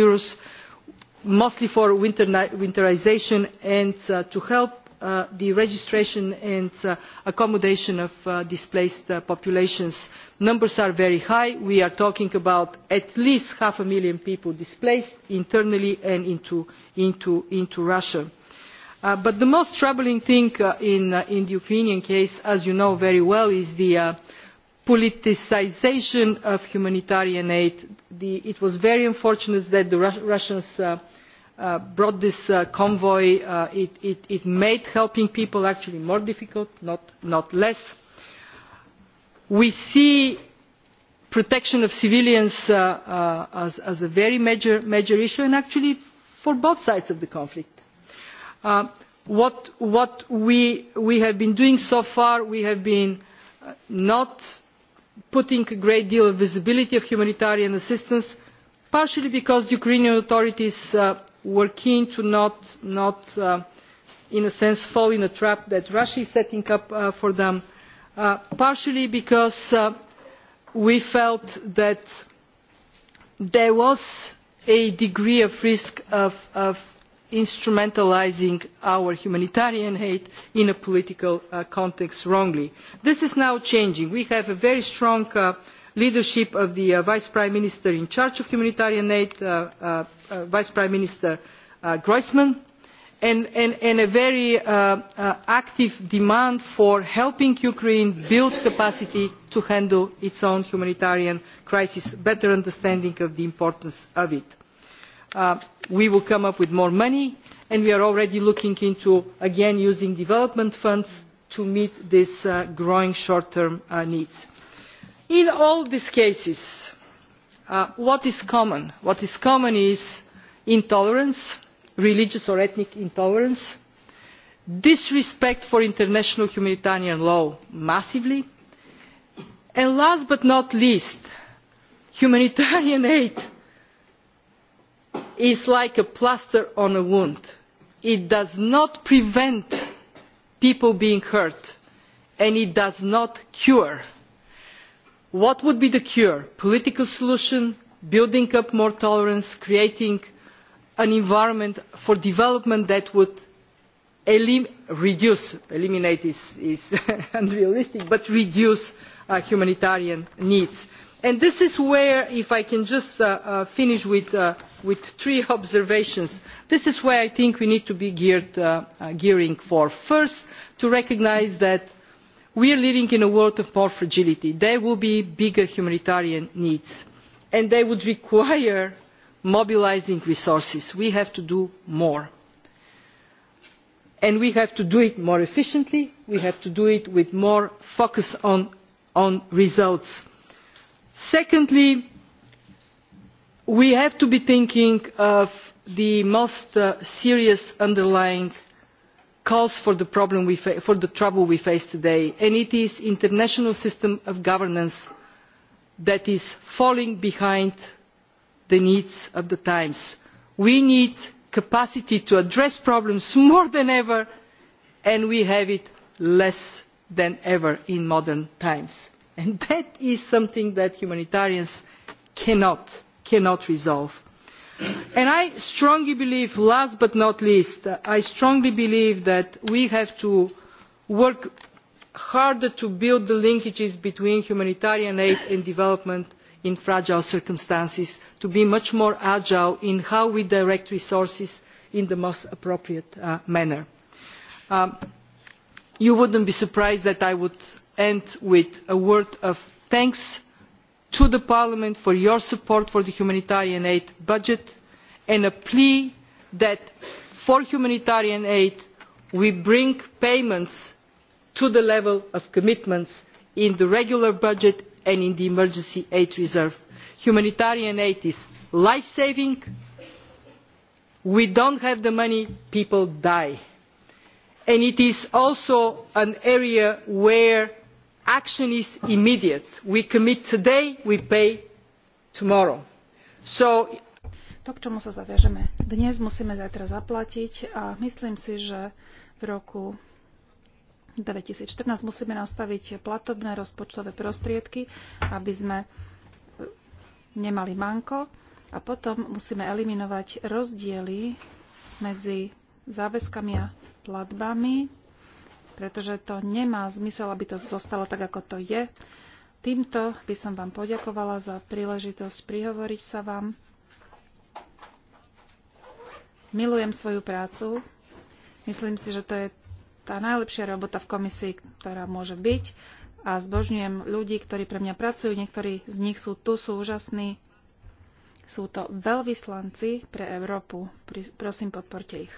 mostly for winterisation and to help Uh, the registration and uh, accommodation of uh, displaced populations. numbers are very high we are talking about at least half a million people displaced internally and into, russia. but the most troubling thing in, the ukrainian case as you know very well is the politicisation of humanitarian aid. it was very unfortunate that the russians Uh, brought this uh, convoy uh, it, it, it made helping people actually more difficult not, not less. we see protection of civilians uh, uh, as, as a very major, major issue and actually for both sides of the conflict. what, what we, we have been doing so far we have been not putting a great deal of visibility of humanitarian assistance partially because the ukrainian authorities were keen to not, not uh, in a sense, fall in a trap that Russia is setting up uh, for them, uh, partially because uh, we felt that there was a degree of risk of, of instrumentalising our humanitarian aid in a political uh, context wrongly. This is now changing. We have a very strong uh, leadership of the uh, vice prime minister in charge of humanitarian aid uh, uh, vice prime minister groysman and, a very active demand for helping ukraine build capacity to handle its own humanitarian crisis a better understanding of the importance of it. we will come up with more money and we are already looking into again using development funds to meet these growing short term needs in all these cases uh, what is common? what is common is intolerance religious or ethnic intolerance disrespect for international humanitarian law massively and last but not least humanitarian aid is like a plaster on a wound it does not prevent people being hurt and it does not cure what would be the cure political solution building up more tolerance creating an environment for development that would reduce eliminate is, unrealistic but reduce uh, humanitarian needs. And this is where if i can just uh, uh, finish with, three observations this is where i think we need to be gearing for first to recognise that we are living in a world of more fragility. there will be bigger humanitarian needs and they would require mobilising resources. we have to do more and we have to do it more efficiently we have to do it with more focus on, results. secondly we have to be thinking of the most uh, serious underlying cause for the, for the trouble we face today and it is the international system of governance that is falling behind the needs of the times. we need capacity to address problems more than ever and we have it less than ever in modern times and that is something that humanitarians cannot resolve and i strongly believe last but not least i strongly believe that we have to work harder to build the linkages between humanitarian aid and development in fragile circumstances to be much more agile in how we direct resources in the most appropriate uh, manner. Um, you would not be surprised that i would end with a word of thanks to parliament for your support for the humanitarian aid budget and a plea that for humanitarian aid we bring payments to the level of commitments in the regular budget and in the emergency aid reserve. humanitarian aid is life saving. we do not have the money people die. and it is also an area where action is immediate we commit today we pay tomorrow. so to k čomu sa zaviažeme dnes musíme zajtra zaplatiť a myslím si že v roku fourteen musíme nastaviť platobné rozpočtové prostriedky aby sme e, nemali manko a potom musíme eliminovať rozdiely medzi záväzkami a platbami pretože to nemá zmysel, aby to zostalo tak, ako to je. Týmto by som vám poďakovala za príležitosť prihovoriť sa vám. Milujem svoju prácu. Myslím si, že to je tá najlepšia robota v komisii, ktorá môže byť. A zbožňujem ľudí, ktorí pre mňa pracujú. Niektorí z nich sú tu, sú úžasní. Sú to veľvyslanci pre Európu. Prosím, podporte ich.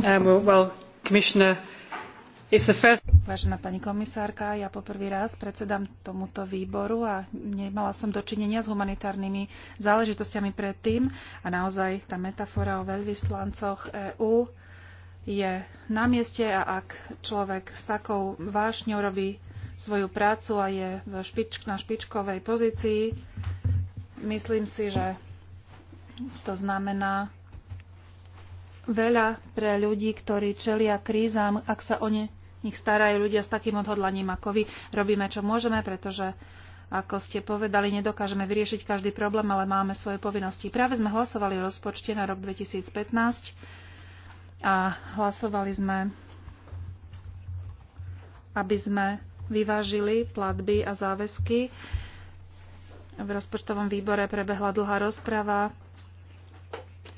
Um, Vážená pani komisárka, ja poprvý raz predsedám tomuto výboru a nemala som dočinenia s humanitárnymi záležitostiami predtým a naozaj tá metafora o veľvyslancoch EÚ je na mieste a ak človek s takou vášňou robí svoju prácu a je špič, na špičkovej pozícii, myslím si, že to znamená veľa pre ľudí, ktorí čelia krízam, ak sa o ne nich starajú ľudia s takým odhodlaním ako vy. Robíme, čo môžeme, pretože ako ste povedali, nedokážeme vyriešiť každý problém, ale máme svoje povinnosti. Práve sme hlasovali o rozpočte na rok 2015 a hlasovali sme, aby sme vyvážili platby a záväzky. V rozpočtovom výbore prebehla dlhá rozprava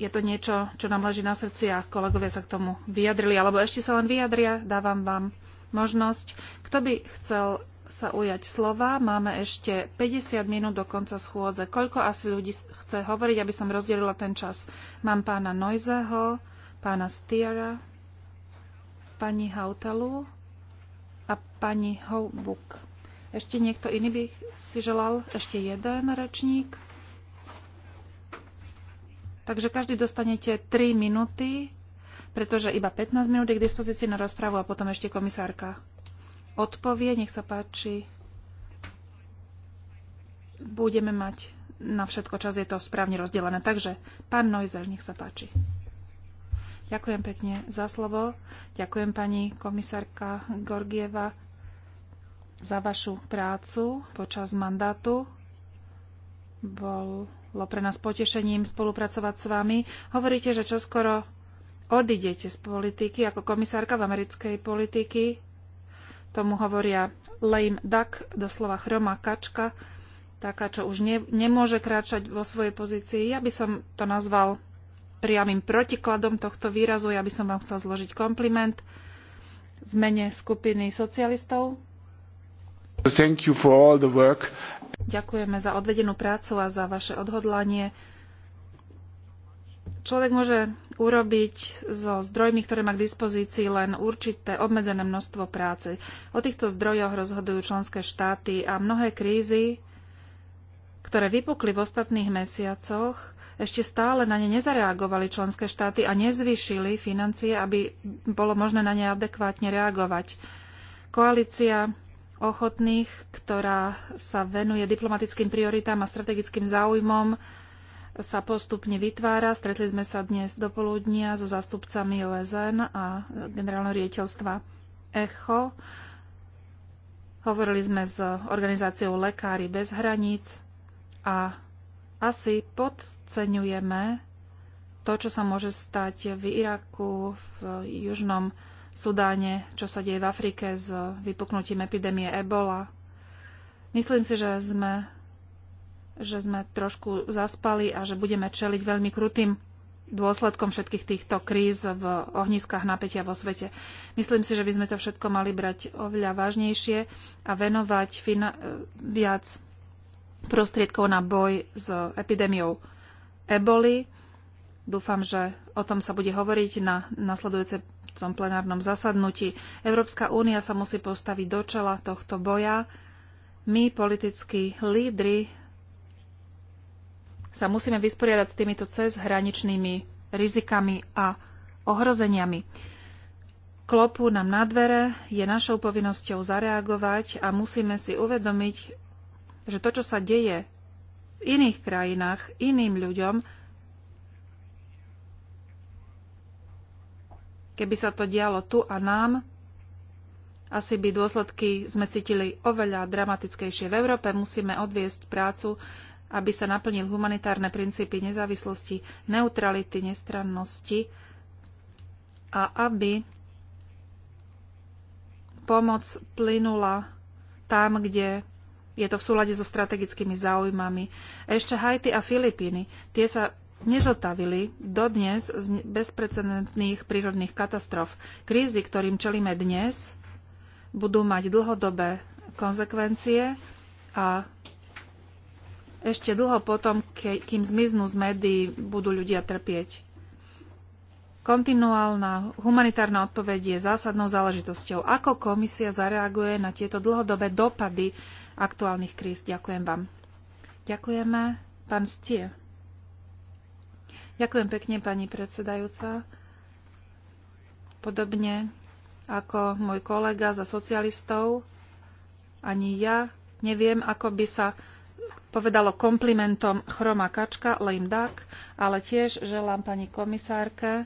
je to niečo, čo nám leží na srdci a kolegovia sa k tomu vyjadrili, alebo ešte sa len vyjadria, dávam vám možnosť. Kto by chcel sa ujať slova? Máme ešte 50 minút do konca schôdze. Koľko asi ľudí chce hovoriť, aby som rozdelila ten čas? Mám pána Noizeho, pána Stiera, pani Hautalu a pani Houbuk. Ešte niekto iný by si želal? Ešte jeden rečník? Takže každý dostanete 3 minúty, pretože iba 15 minút je k dispozícii na rozprávu a potom ešte komisárka odpovie. Nech sa páči. Budeme mať na všetko čas, je to správne rozdelené. Takže, pán Neuser, nech sa páči. Ďakujem pekne za slovo. Ďakujem pani komisárka Gorgieva za vašu prácu počas mandátu. Bol bolo pre nás potešením spolupracovať s vami. Hovoríte, že čoskoro odidete z politiky ako komisárka v americkej politiky. Tomu hovoria lame duck, doslova chroma kačka, taká, čo už ne, nemôže kráčať vo svojej pozícii. Ja by som to nazval priamým protikladom tohto výrazu. Ja by som vám chcel zložiť kompliment v mene skupiny socialistov. Thank you for all the work Ďakujeme za odvedenú prácu a za vaše odhodlanie. Človek môže urobiť so zdrojmi, ktoré má k dispozícii, len určité obmedzené množstvo práce. O týchto zdrojoch rozhodujú členské štáty a mnohé krízy, ktoré vypukli v ostatných mesiacoch, ešte stále na ne nezareagovali členské štáty a nezvyšili financie, aby bolo možné na ne adekvátne reagovať. Koalícia ochotných, ktorá sa venuje diplomatickým prioritám a strategickým záujmom, sa postupne vytvára. Stretli sme sa dnes do poludnia so zástupcami OSN a generálneho riaditeľstva ECHO. Hovorili sme s organizáciou Lekári bez hraníc a asi podceňujeme to, čo sa môže stať v Iraku, v južnom Sudáne, čo sa deje v Afrike s vypuknutím epidémie Ebola. Myslím si, že sme, že sme trošku zaspali a že budeme čeliť veľmi krutým dôsledkom všetkých týchto kríz v ohniskách napätia vo svete. Myslím si, že by sme to všetko mali brať oveľa vážnejšie a venovať viac prostriedkov na boj s epidémiou eboli. Dúfam, že o tom sa bude hovoriť na nasledujúcej tom plenárnom zasadnutí. Európska únia sa musí postaviť do čela tohto boja. My, politickí lídry, sa musíme vysporiadať s týmito cezhraničnými rizikami a ohrozeniami. Klopu nám na dvere, je našou povinnosťou zareagovať a musíme si uvedomiť, že to, čo sa deje v iných krajinách, iným ľuďom, Keby sa to dialo tu a nám, asi by dôsledky sme cítili oveľa dramatickejšie. V Európe musíme odviesť prácu, aby sa naplnil humanitárne princípy nezávislosti, neutrality, nestrannosti a aby pomoc plynula tam, kde je to v súlade so strategickými záujmami. Ešte Haiti a Filipíny, tie sa nezotavili dodnes z bezprecedentných prírodných katastrof. Krízy, ktorým čelíme dnes, budú mať dlhodobé konsekvencie a ešte dlho potom, kým zmiznú z médií, budú ľudia trpieť. Kontinuálna humanitárna odpoveď je zásadnou záležitosťou. Ako komisia zareaguje na tieto dlhodobé dopady aktuálnych kríz? Ďakujem vám. Ďakujeme. Pán Stier. Ďakujem pekne, pani predsedajúca. Podobne ako môj kolega za socialistov, ani ja neviem, ako by sa povedalo komplimentom chroma kačka, lame duck, ale tiež želám pani komisárke, e,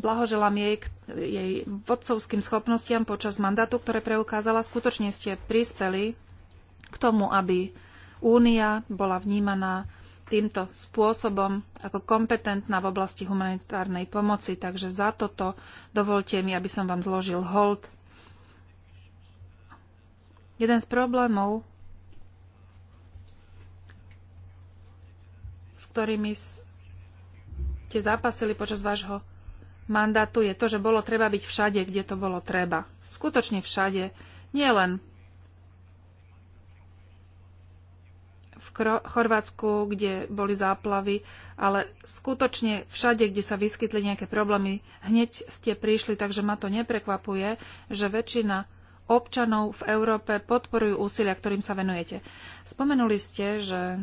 blahoželám jej, jej vodcovským schopnostiam počas mandátu, ktoré preukázala. Skutočne ste prispeli k tomu, aby únia bola vnímaná týmto spôsobom ako kompetentná v oblasti humanitárnej pomoci, takže za toto dovolte mi, aby som vám zložil hold. Jeden z problémov, s ktorými ste zápasili počas vášho mandátu, je to, že bolo treba byť všade, kde to bolo treba. Skutočne všade, nielen Chorvátsku, kde boli záplavy, ale skutočne všade, kde sa vyskytli nejaké problémy, hneď ste prišli, takže ma to neprekvapuje, že väčšina občanov v Európe podporujú úsilia, ktorým sa venujete. Spomenuli ste, že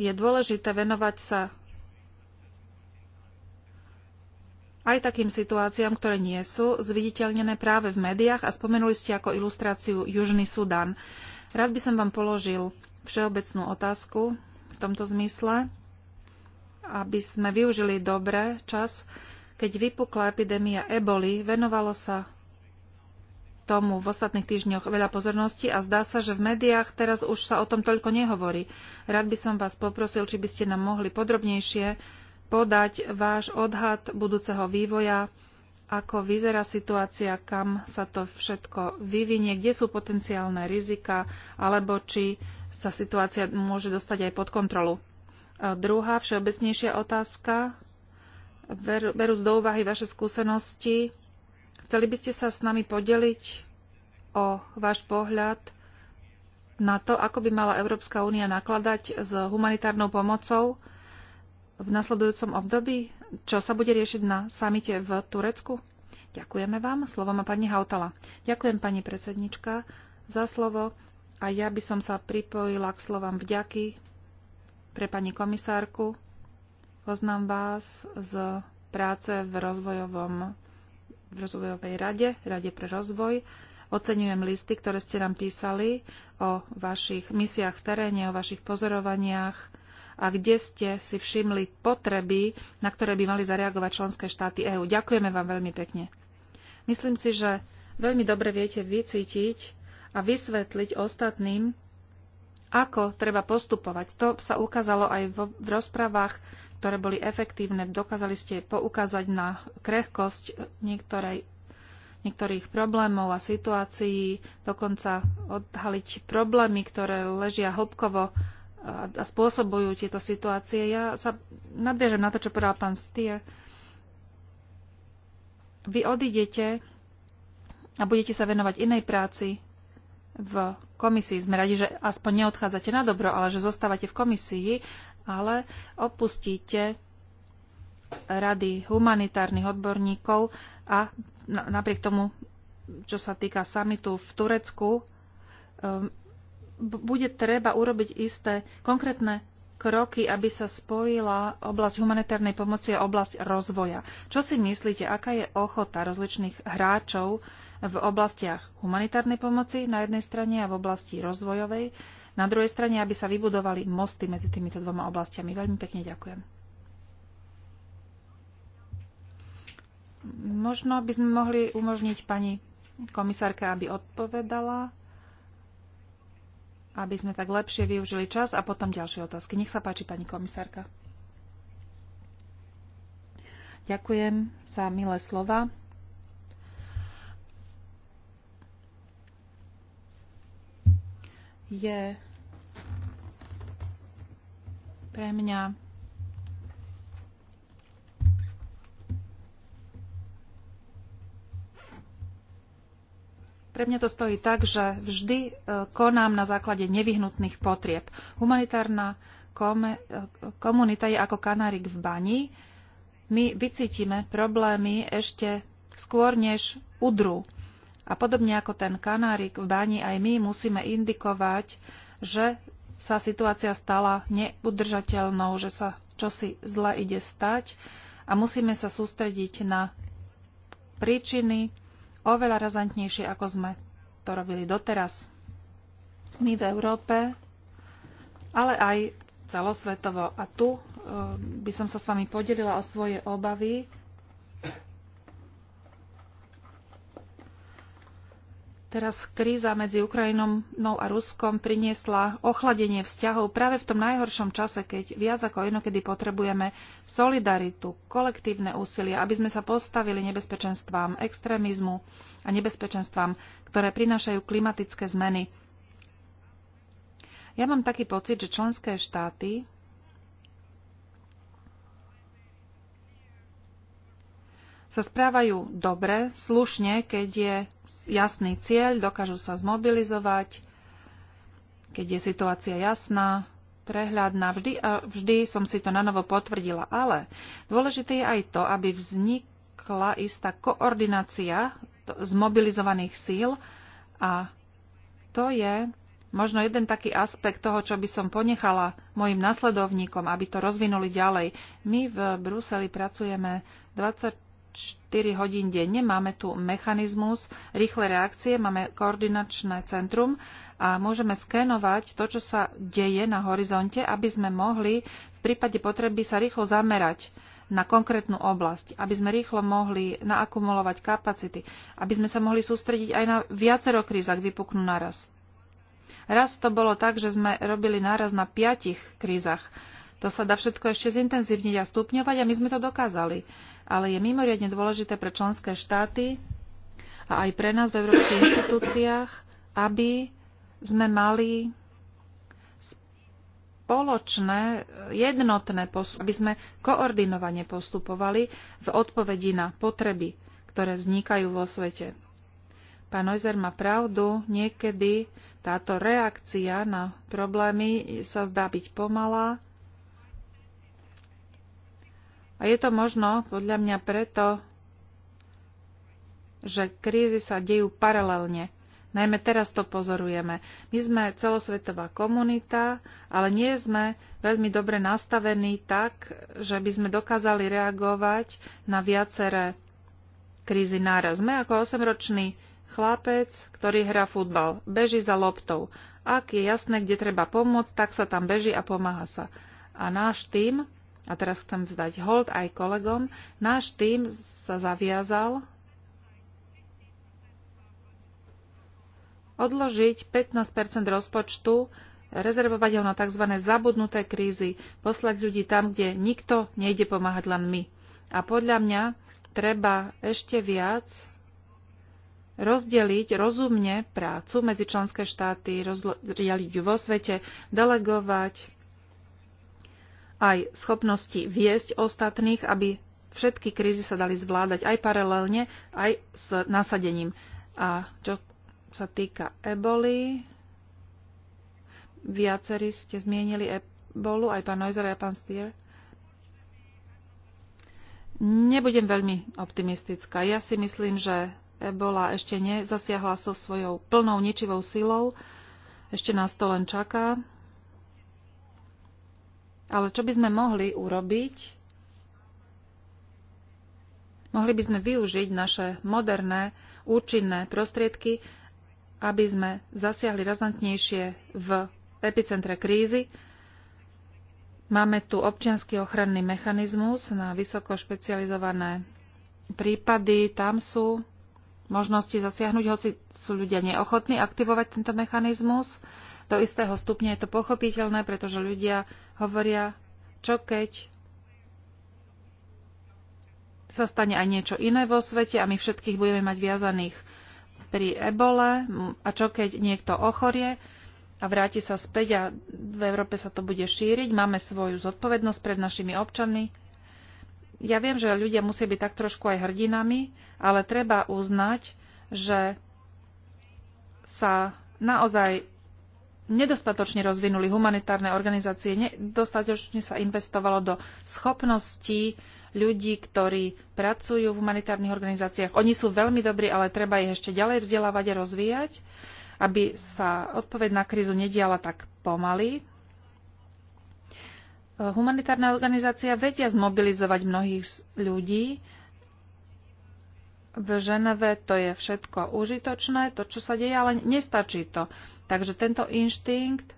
je dôležité venovať sa aj takým situáciám, ktoré nie sú zviditeľnené práve v médiách a spomenuli ste ako ilustráciu Južný Sudan. Rád by som vám položil všeobecnú otázku v tomto zmysle, aby sme využili dobre čas, keď vypukla epidémia eboli, venovalo sa tomu v ostatných týždňoch veľa pozornosti a zdá sa, že v médiách teraz už sa o tom toľko nehovorí. Rád by som vás poprosil, či by ste nám mohli podrobnejšie podať váš odhad budúceho vývoja ako vyzerá situácia, kam sa to všetko vyvinie, kde sú potenciálne rizika, alebo či sa situácia môže dostať aj pod kontrolu. A druhá všeobecnejšia otázka. Ver, berúc do úvahy vaše skúsenosti, chceli by ste sa s nami podeliť o váš pohľad na to, ako by mala Európska únia nakladať s humanitárnou pomocou v nasledujúcom období? čo sa bude riešiť na samite v Turecku? Ďakujeme vám. Slovo má pani Hautala. Ďakujem pani predsednička za slovo a ja by som sa pripojila k slovám vďaky pre pani komisárku. Poznám vás z práce v rozvojovom v rozvojovej rade, rade pre rozvoj. Oceňujem listy, ktoré ste nám písali o vašich misiách v teréne, o vašich pozorovaniach, a kde ste si všimli potreby, na ktoré by mali zareagovať členské štáty EÚ. Ďakujeme vám veľmi pekne. Myslím si, že veľmi dobre viete vycítiť a vysvetliť ostatným, ako treba postupovať. To sa ukázalo aj vo, v rozprávach, ktoré boli efektívne. Dokázali ste poukázať na krehkosť niektorej niektorých problémov a situácií, dokonca odhaliť problémy, ktoré ležia hĺbkovo a, spôsobujú tieto situácie. Ja sa nadviežem na to, čo povedal pán Stier. Vy odídete a budete sa venovať inej práci v komisii. Sme radi, že aspoň neodchádzate na dobro, ale že zostávate v komisii, ale opustíte rady humanitárnych odborníkov a napriek tomu, čo sa týka samitu v Turecku, ehm, bude treba urobiť isté konkrétne kroky, aby sa spojila oblasť humanitárnej pomoci a oblasť rozvoja. Čo si myslíte, aká je ochota rozličných hráčov v oblastiach humanitárnej pomoci na jednej strane a v oblasti rozvojovej na druhej strane, aby sa vybudovali mosty medzi týmito dvoma oblastiami? Veľmi pekne ďakujem. Možno by sme mohli umožniť pani komisárke, aby odpovedala aby sme tak lepšie využili čas a potom ďalšie otázky. Nech sa páči, pani komisárka. Ďakujem za milé slova. Je pre mňa Pre mňa to stojí tak, že vždy e, konám na základe nevyhnutných potrieb. Humanitárna e, komunita je ako kanárik v bani. My vycítime problémy ešte skôr než udru. A podobne ako ten kanárik v bani, aj my musíme indikovať, že sa situácia stala neudržateľnou, že sa čosi zle ide stať a musíme sa sústrediť na príčiny, oveľa razantnejšie, ako sme to robili doteraz. My v Európe, ale aj celosvetovo. A tu eh, by som sa s vami podelila o svoje obavy, Teraz kríza medzi Ukrajinou no a Ruskom priniesla ochladenie vzťahov práve v tom najhoršom čase, keď viac ako inokedy potrebujeme solidaritu, kolektívne úsilie, aby sme sa postavili nebezpečenstvám extrémizmu a nebezpečenstvám, ktoré prinášajú klimatické zmeny. Ja mám taký pocit, že členské štáty sa správajú dobre, slušne, keď je jasný cieľ, dokážu sa zmobilizovať, keď je situácia jasná, prehľadná. Vždy, a vždy som si to na novo potvrdila. Ale dôležité je aj to, aby vznikla istá koordinácia zmobilizovaných síl a to je možno jeden taký aspekt toho, čo by som ponechala mojim nasledovníkom, aby to rozvinuli ďalej. My v Bruseli pracujeme 24 24 hodín denne. Máme tu mechanizmus rýchle reakcie, máme koordinačné centrum a môžeme skénovať to, čo sa deje na horizonte, aby sme mohli v prípade potreby sa rýchlo zamerať na konkrétnu oblasť, aby sme rýchlo mohli naakumulovať kapacity, aby sme sa mohli sústrediť aj na viacero kríz, ak vypuknú naraz. Raz to bolo tak, že sme robili náraz na piatich krízach to sa dá všetko ešte zintenzívniť a stupňovať a my sme to dokázali. Ale je mimoriadne dôležité pre členské štáty a aj pre nás v európskych inštitúciách, aby sme mali spoločné, jednotné postupy, aby sme koordinovane postupovali v odpovedi na potreby, ktoré vznikajú vo svete. Pán Neuser má pravdu, niekedy táto reakcia na problémy sa zdá byť pomalá, a je to možno, podľa mňa, preto, že krízy sa dejú paralelne. Najmä teraz to pozorujeme. My sme celosvetová komunita, ale nie sme veľmi dobre nastavení tak, že by sme dokázali reagovať na viaceré krízy náraz. Sme ako 8-ročný chlapec, ktorý hrá futbal. Beží za loptou. Ak je jasné, kde treba pomôcť, tak sa tam beží a pomáha sa. A náš tým a teraz chcem vzdať hold aj kolegom, náš tým sa zaviazal odložiť 15 rozpočtu, rezervovať ho na tzv. zabudnuté krízy, poslať ľudí tam, kde nikto nejde pomáhať, len my. A podľa mňa treba ešte viac rozdeliť rozumne prácu medzi členské štáty, rozdeliť ju vo svete, delegovať aj schopnosti viesť ostatných, aby všetky krízy sa dali zvládať aj paralelne, aj s nasadením. A čo sa týka eboli, viacerí ste zmienili ebolu, aj pán Neuser, aj pán Stier. Nebudem veľmi optimistická. Ja si myslím, že ebola ešte nezasiahla so svojou plnou ničivou silou. Ešte nás to len čaká. Ale čo by sme mohli urobiť? Mohli by sme využiť naše moderné, účinné prostriedky, aby sme zasiahli razantnejšie v epicentre krízy. Máme tu občianský ochranný mechanizmus na vysoko špecializované prípady. Tam sú možnosti zasiahnuť, hoci sú ľudia neochotní aktivovať tento mechanizmus do istého stupňa je to pochopiteľné, pretože ľudia hovoria, čo keď sa stane aj niečo iné vo svete a my všetkých budeme mať viazaných pri ebole a čo keď niekto ochorie a vráti sa späť a v Európe sa to bude šíriť. Máme svoju zodpovednosť pred našimi občanmi. Ja viem, že ľudia musia byť tak trošku aj hrdinami, ale treba uznať, že sa naozaj nedostatočne rozvinuli humanitárne organizácie, nedostatočne sa investovalo do schopností ľudí, ktorí pracujú v humanitárnych organizáciách. Oni sú veľmi dobrí, ale treba ich ešte ďalej vzdelávať a rozvíjať, aby sa odpoveď na krízu nediala tak pomaly. Humanitárna organizácia vedia zmobilizovať mnohých ľudí, v Ženeve to je všetko užitočné, to, čo sa deje, ale nestačí to. Takže tento inštinkt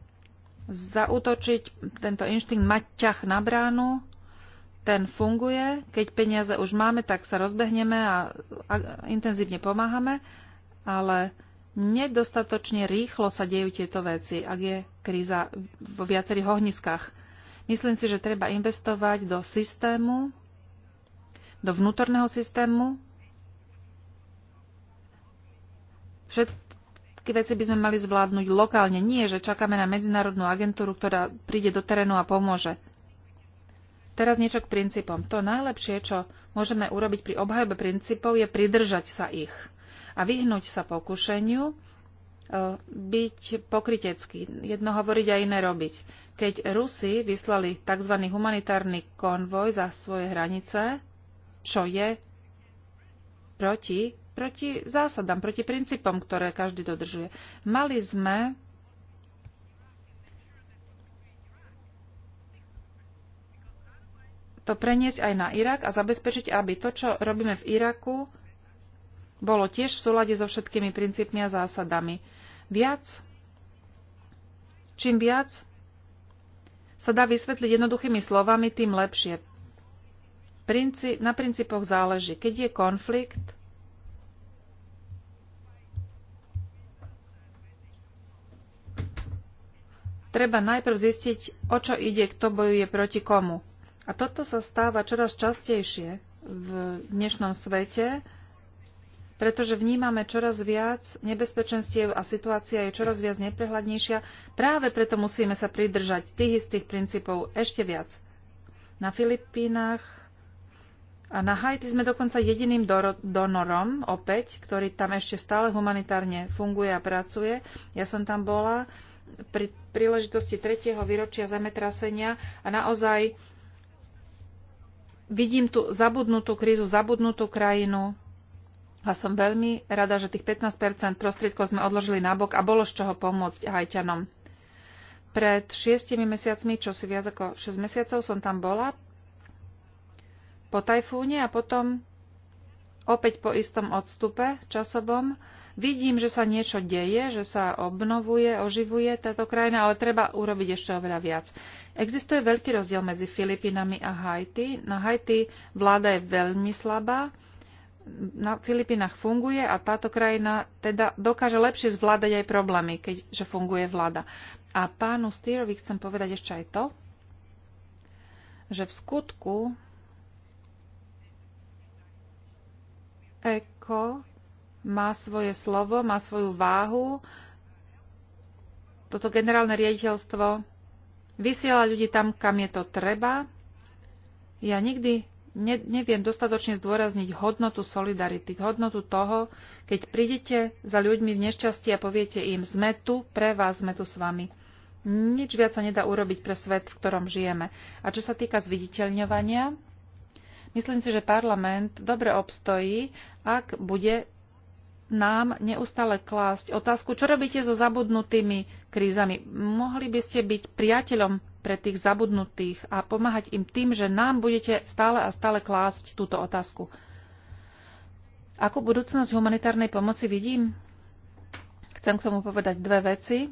zautočiť, tento inštinkt mať ťah na bránu, ten funguje. Keď peniaze už máme, tak sa rozbehneme a, a intenzívne pomáhame, ale nedostatočne rýchlo sa dejú tieto veci, ak je kríza vo viacerých ohniskách. Myslím si, že treba investovať do systému, do vnútorného systému Všetky veci by sme mali zvládnuť lokálne. Nie, že čakáme na medzinárodnú agentúru, ktorá príde do terénu a pomôže. Teraz niečo k princípom. To najlepšie, čo môžeme urobiť pri obhajobe princípov, je pridržať sa ich a vyhnúť sa pokušeniu e, byť pokrytecký. Jedno hovoriť a iné robiť. Keď Rusi vyslali tzv. humanitárny konvoj za svoje hranice, čo je proti proti zásadám, proti princípom, ktoré každý dodržuje. Mali sme to preniesť aj na Irak a zabezpečiť, aby to, čo robíme v Iraku, bolo tiež v súlade so všetkými princípmi a zásadami. Viac, čím viac sa dá vysvetliť jednoduchými slovami, tým lepšie. Princi- na princípoch záleží. Keď je konflikt, treba najprv zistiť, o čo ide, kto bojuje proti komu. A toto sa stáva čoraz častejšie v dnešnom svete, pretože vnímame čoraz viac nebezpečenstiev a situácia je čoraz viac neprehľadnejšia. Práve preto musíme sa pridržať tých istých princípov ešte viac. Na Filipínach a na Haiti sme dokonca jediným donorom, opäť, ktorý tam ešte stále humanitárne funguje a pracuje. Ja som tam bola pri príležitosti 3. výročia zemetrasenia a naozaj vidím tú zabudnutú krízu, zabudnutú krajinu a som veľmi rada, že tých 15 prostriedkov sme odložili nabok a bolo z čoho pomôcť hajťanom. Pred šiestimi mesiacmi, čo si viac ako 6 mesiacov som tam bola, po tajfúne a potom opäť po istom odstupe časovom Vidím, že sa niečo deje, že sa obnovuje, oživuje táto krajina, ale treba urobiť ešte oveľa viac. Existuje veľký rozdiel medzi Filipínami a Haiti. Na Haiti vláda je veľmi slabá, na Filipínach funguje a táto krajina teda dokáže lepšie zvládať aj problémy, keďže funguje vláda. A pánu Stýrovi chcem povedať ešte aj to, že v skutku Eko má svoje slovo, má svoju váhu. Toto generálne riaditeľstvo vysiela ľudí tam, kam je to treba. Ja nikdy ne, neviem dostatočne zdôrazniť hodnotu solidarity, hodnotu toho, keď prídete za ľuďmi v nešťastí a poviete im, sme tu pre vás, sme tu s vami. Nič viac sa nedá urobiť pre svet, v ktorom žijeme. A čo sa týka zviditeľňovania, myslím si, že parlament dobre obstojí, ak bude nám neustále klásť otázku, čo robíte so zabudnutými krízami. Mohli by ste byť priateľom pre tých zabudnutých a pomáhať im tým, že nám budete stále a stále klásť túto otázku. Ako budúcnosť humanitárnej pomoci vidím? Chcem k tomu povedať dve veci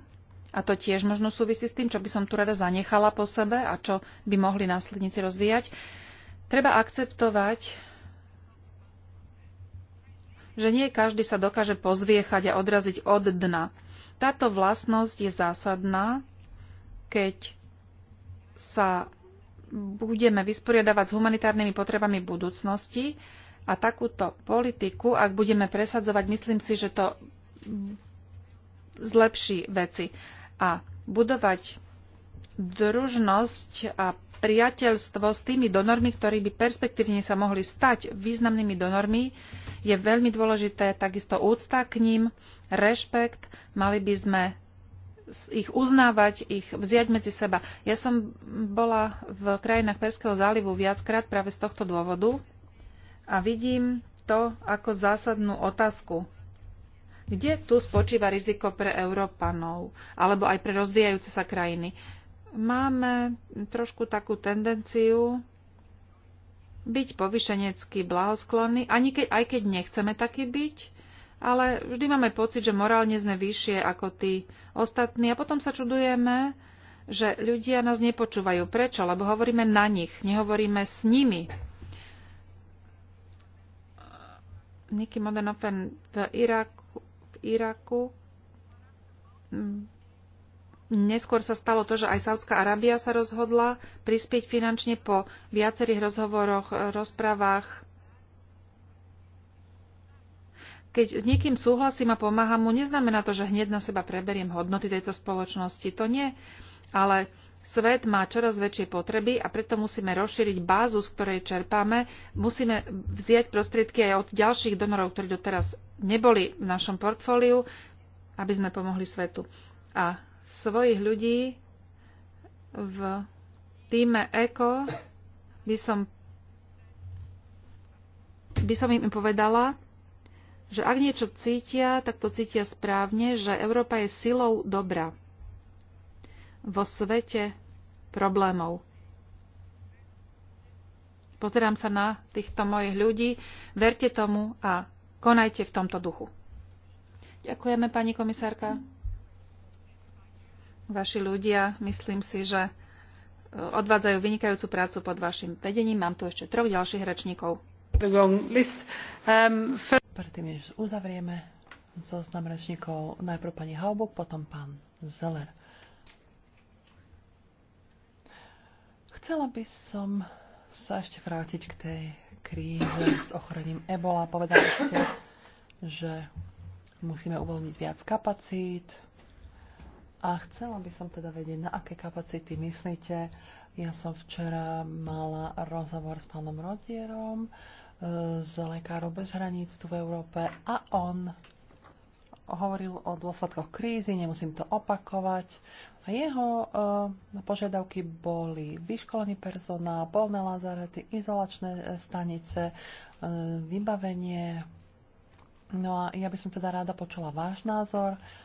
a to tiež možno súvisí s tým, čo by som tu rada zanechala po sebe a čo by mohli následníci rozvíjať. Treba akceptovať že nie každý sa dokáže pozviechať a odraziť od dna. Táto vlastnosť je zásadná, keď sa budeme vysporiadavať s humanitárnymi potrebami budúcnosti a takúto politiku, ak budeme presadzovať, myslím si, že to zlepší veci. A budovať družnosť a priateľstvo s tými donormi, ktorí by perspektívne sa mohli stať významnými donormi, je veľmi dôležité. Takisto úcta k ním, rešpekt, mali by sme ich uznávať, ich vziať medzi seba. Ja som bola v krajinách Perského zálivu viackrát práve z tohto dôvodu a vidím to ako zásadnú otázku. Kde tu spočíva riziko pre Európanov alebo aj pre rozvíjajúce sa krajiny? máme trošku takú tendenciu byť povyšenecky blahosklonní, ani keď, aj keď nechceme taký byť, ale vždy máme pocit, že morálne sme vyššie ako tí ostatní a potom sa čudujeme, že ľudia nás nepočúvajú. Prečo? Lebo hovoríme na nich, nehovoríme s nimi. Niky Modenofen v Iraku, v Iraku mm, Neskôr sa stalo to, že aj Saudská Arábia sa rozhodla prispieť finančne po viacerých rozhovoroch, rozprávach. Keď s niekým súhlasím a pomáham mu, neznamená to, že hneď na seba preberiem hodnoty tejto spoločnosti. To nie. Ale svet má čoraz väčšie potreby a preto musíme rozšíriť bázu, z ktorej čerpáme. Musíme vziať prostriedky aj od ďalších donorov, ktorí doteraz neboli v našom portfóliu, aby sme pomohli svetu. A svojich ľudí v týme ECO by som, by som im povedala, že ak niečo cítia, tak to cítia správne, že Európa je silou dobra vo svete problémov. Pozerám sa na týchto mojich ľudí, verte tomu a konajte v tomto duchu. Ďakujeme, pani komisárka. Vaši ľudia, myslím si, že e, odvádzajú vynikajúcu prácu pod vašim vedením. Mám tu ešte troch ďalších rečníkov. Predtým, než uzavrieme zoznam rečníkov, najprv pani Haubuk, potom pán Zeller. Chcela by som sa ešte vrátiť k tej kríze s ochorením Ebola. Povedali ste, že musíme uvoľniť viac kapacít, a chcela by som teda vedieť, na aké kapacity myslíte. Ja som včera mala rozhovor s pánom Rodierom e, z Lekárov bez hraníc tu v Európe a on hovoril o dôsledkoch krízy, nemusím to opakovať. A jeho uh, požiadavky boli vyškolený personál, polné lazarety, izolačné stanice, uh, vybavenie. No a ja by som teda rada počula váš názor. Uh,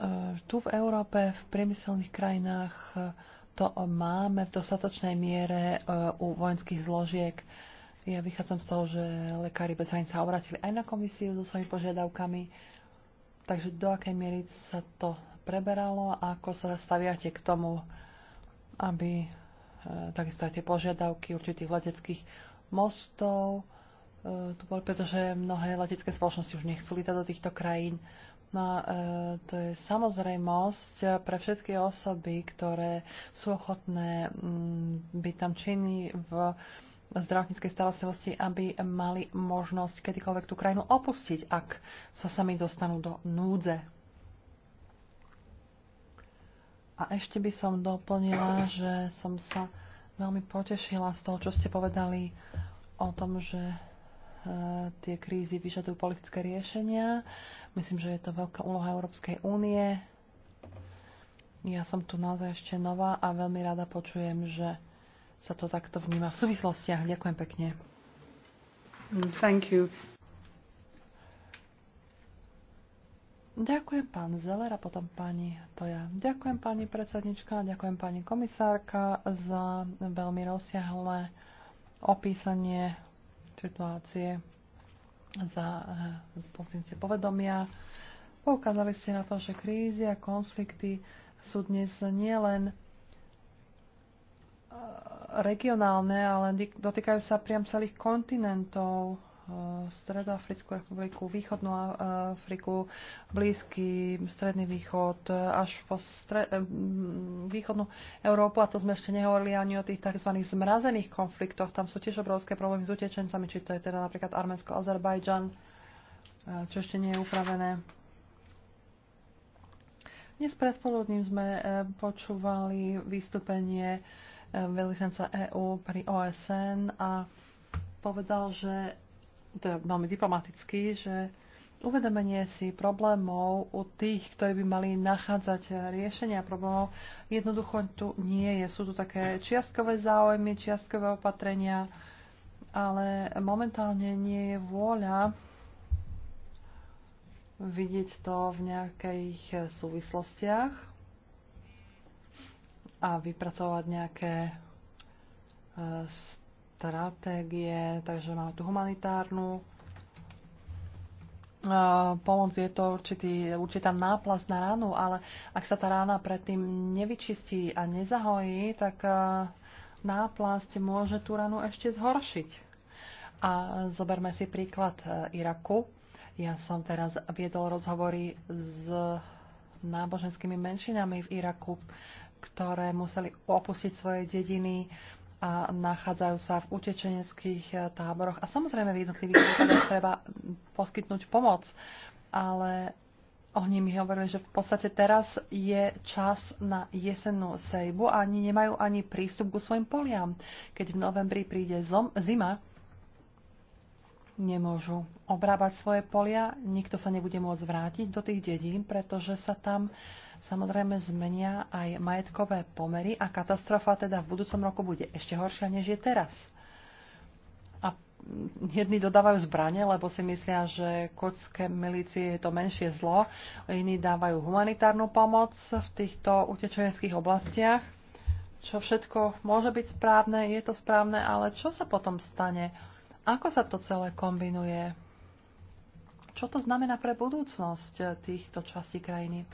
E, tu v Európe, v priemyselných krajinách e, to máme v dostatočnej miere e, u vojenských zložiek. Ja vychádzam z toho, že lekári bez hranic sa obratili aj na komisiu so svojimi požiadavkami. Takže do akej miery sa to preberalo a ako sa staviate k tomu, aby takisto aj tie požiadavky určitých leteckých mostov tu boli, pretože mnohé letecké spoločnosti už nechcú lietať do týchto krajín Jednotná e, to je samozrejmosť pre všetky osoby, ktoré sú ochotné mm, byť tam činní v zdravotníckej starostlivosti, aby mali možnosť kedykoľvek tú krajinu opustiť, ak sa sami dostanú do núdze. A ešte by som doplnila, že som sa veľmi potešila z toho, čo ste povedali o tom, že Eh, tie krízy vyžadujú politické riešenia. Myslím, že je to veľká úloha Európskej únie. Ja som tu naozaj ešte nová a veľmi rada počujem, že sa to takto vníma v súvislostiach. Ďakujem pekne. Thank you. Ďakujem pán Zeller a potom pani Toja. Ďakujem pani predsednička, ďakujem pani komisárka za veľmi rozsiahle opísanie situácie, za eh, posunutie povedomia. Poukázali ste na to, že krízy a konflikty sú dnes nielen eh, regionálne, ale dotýkajú sa priam celých kontinentov Eh, Stredoafrickú republiku, Východnú Afriku, Blízky, Stredný východ, až po stre- eh, východnú Európu. A to sme ešte nehovorili ani o tých tzv. zmrazených konfliktoch. Tam sú tiež obrovské problémy s utečencami, či to je teda napríklad Arménsko, Azerbajdžan, eh, čo ešte nie je upravené. Dnes predpoludním sme počúvali vystúpenie veľvyslanca EÚ pri OSN a povedal, že teda veľmi diplomaticky, že uvedomenie si problémov u tých, ktorí by mali nachádzať riešenia problémov, jednoducho tu nie je. Sú tu také čiastkové záujmy, čiastkové opatrenia, ale momentálne nie je vôľa vidieť to v nejakých súvislostiach a vypracovať nejaké eh, stratégie, takže máme tu humanitárnu e, pomoc je to určitý, určitá náplast na ránu, ale ak sa tá rána predtým nevyčistí a nezahojí, tak e, náplast môže tú ranu ešte zhoršiť. A zoberme si príklad e, Iraku. Ja som teraz viedol rozhovory s náboženskými menšinami v Iraku, ktoré museli opustiť svoje dediny a nachádzajú sa v utečeneckých eh, táboroch. A samozrejme v jednotlivých prípadoch treba poskytnúť pomoc, ale oni mi hovorili, že v podstate teraz je čas na jesennú sejbu a ani nemajú ani prístup ku svojim poliam. Keď v novembri príde zom, zima, nemôžu obrábať svoje polia, nikto sa nebude môcť vrátiť do tých dedín, pretože sa tam uh, samozrejme zmenia aj majetkové pomery a katastrofa teda v budúcom roku bude ešte horšia, než je teraz. A jedni dodávajú zbranie, lebo si myslia, že kurdské milície je to menšie zlo, iní dávajú humanitárnu pomoc v týchto utečeneckých oblastiach. Čo všetko môže byť správne, je to správne, ale čo sa potom stane? Ako sa to celé kombinuje? čo to znamená pre budúcnosť týchto častí krajiny.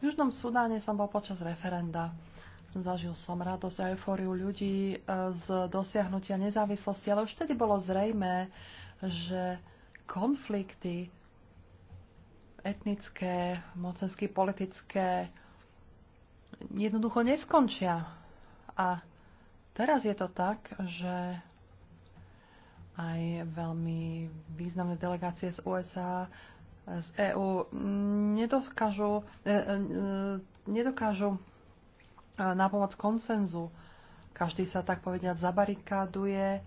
V Južnom Sudáne som bol počas referenda. Zažil som radosť a eufóriu ľudí e, z dosiahnutia nezávislosti, ale už vtedy bolo zrejmé, že konflikty etnické, mocensky politické jednoducho neskončia. A teraz je to tak, že aj veľmi významné delegácie z USA z EÚ nedokážu, e, e, nedokážu e, na pomoc koncenzu. Každý sa tak povediať zabarikáduje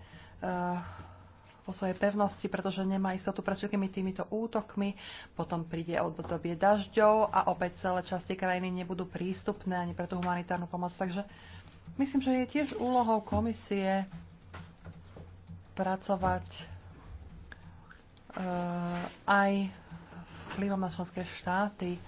vo svojej pevnosti, pretože nemá istotu pred všetkými týmito útokmi. Potom príde obdobie dažďov a opäť celé časti krajiny nebudú prístupné ani pre tú humanitárnu pomoc. Takže myslím, že je tiež úlohou komisie pracovať uh, aj vplyvom na členské štáty,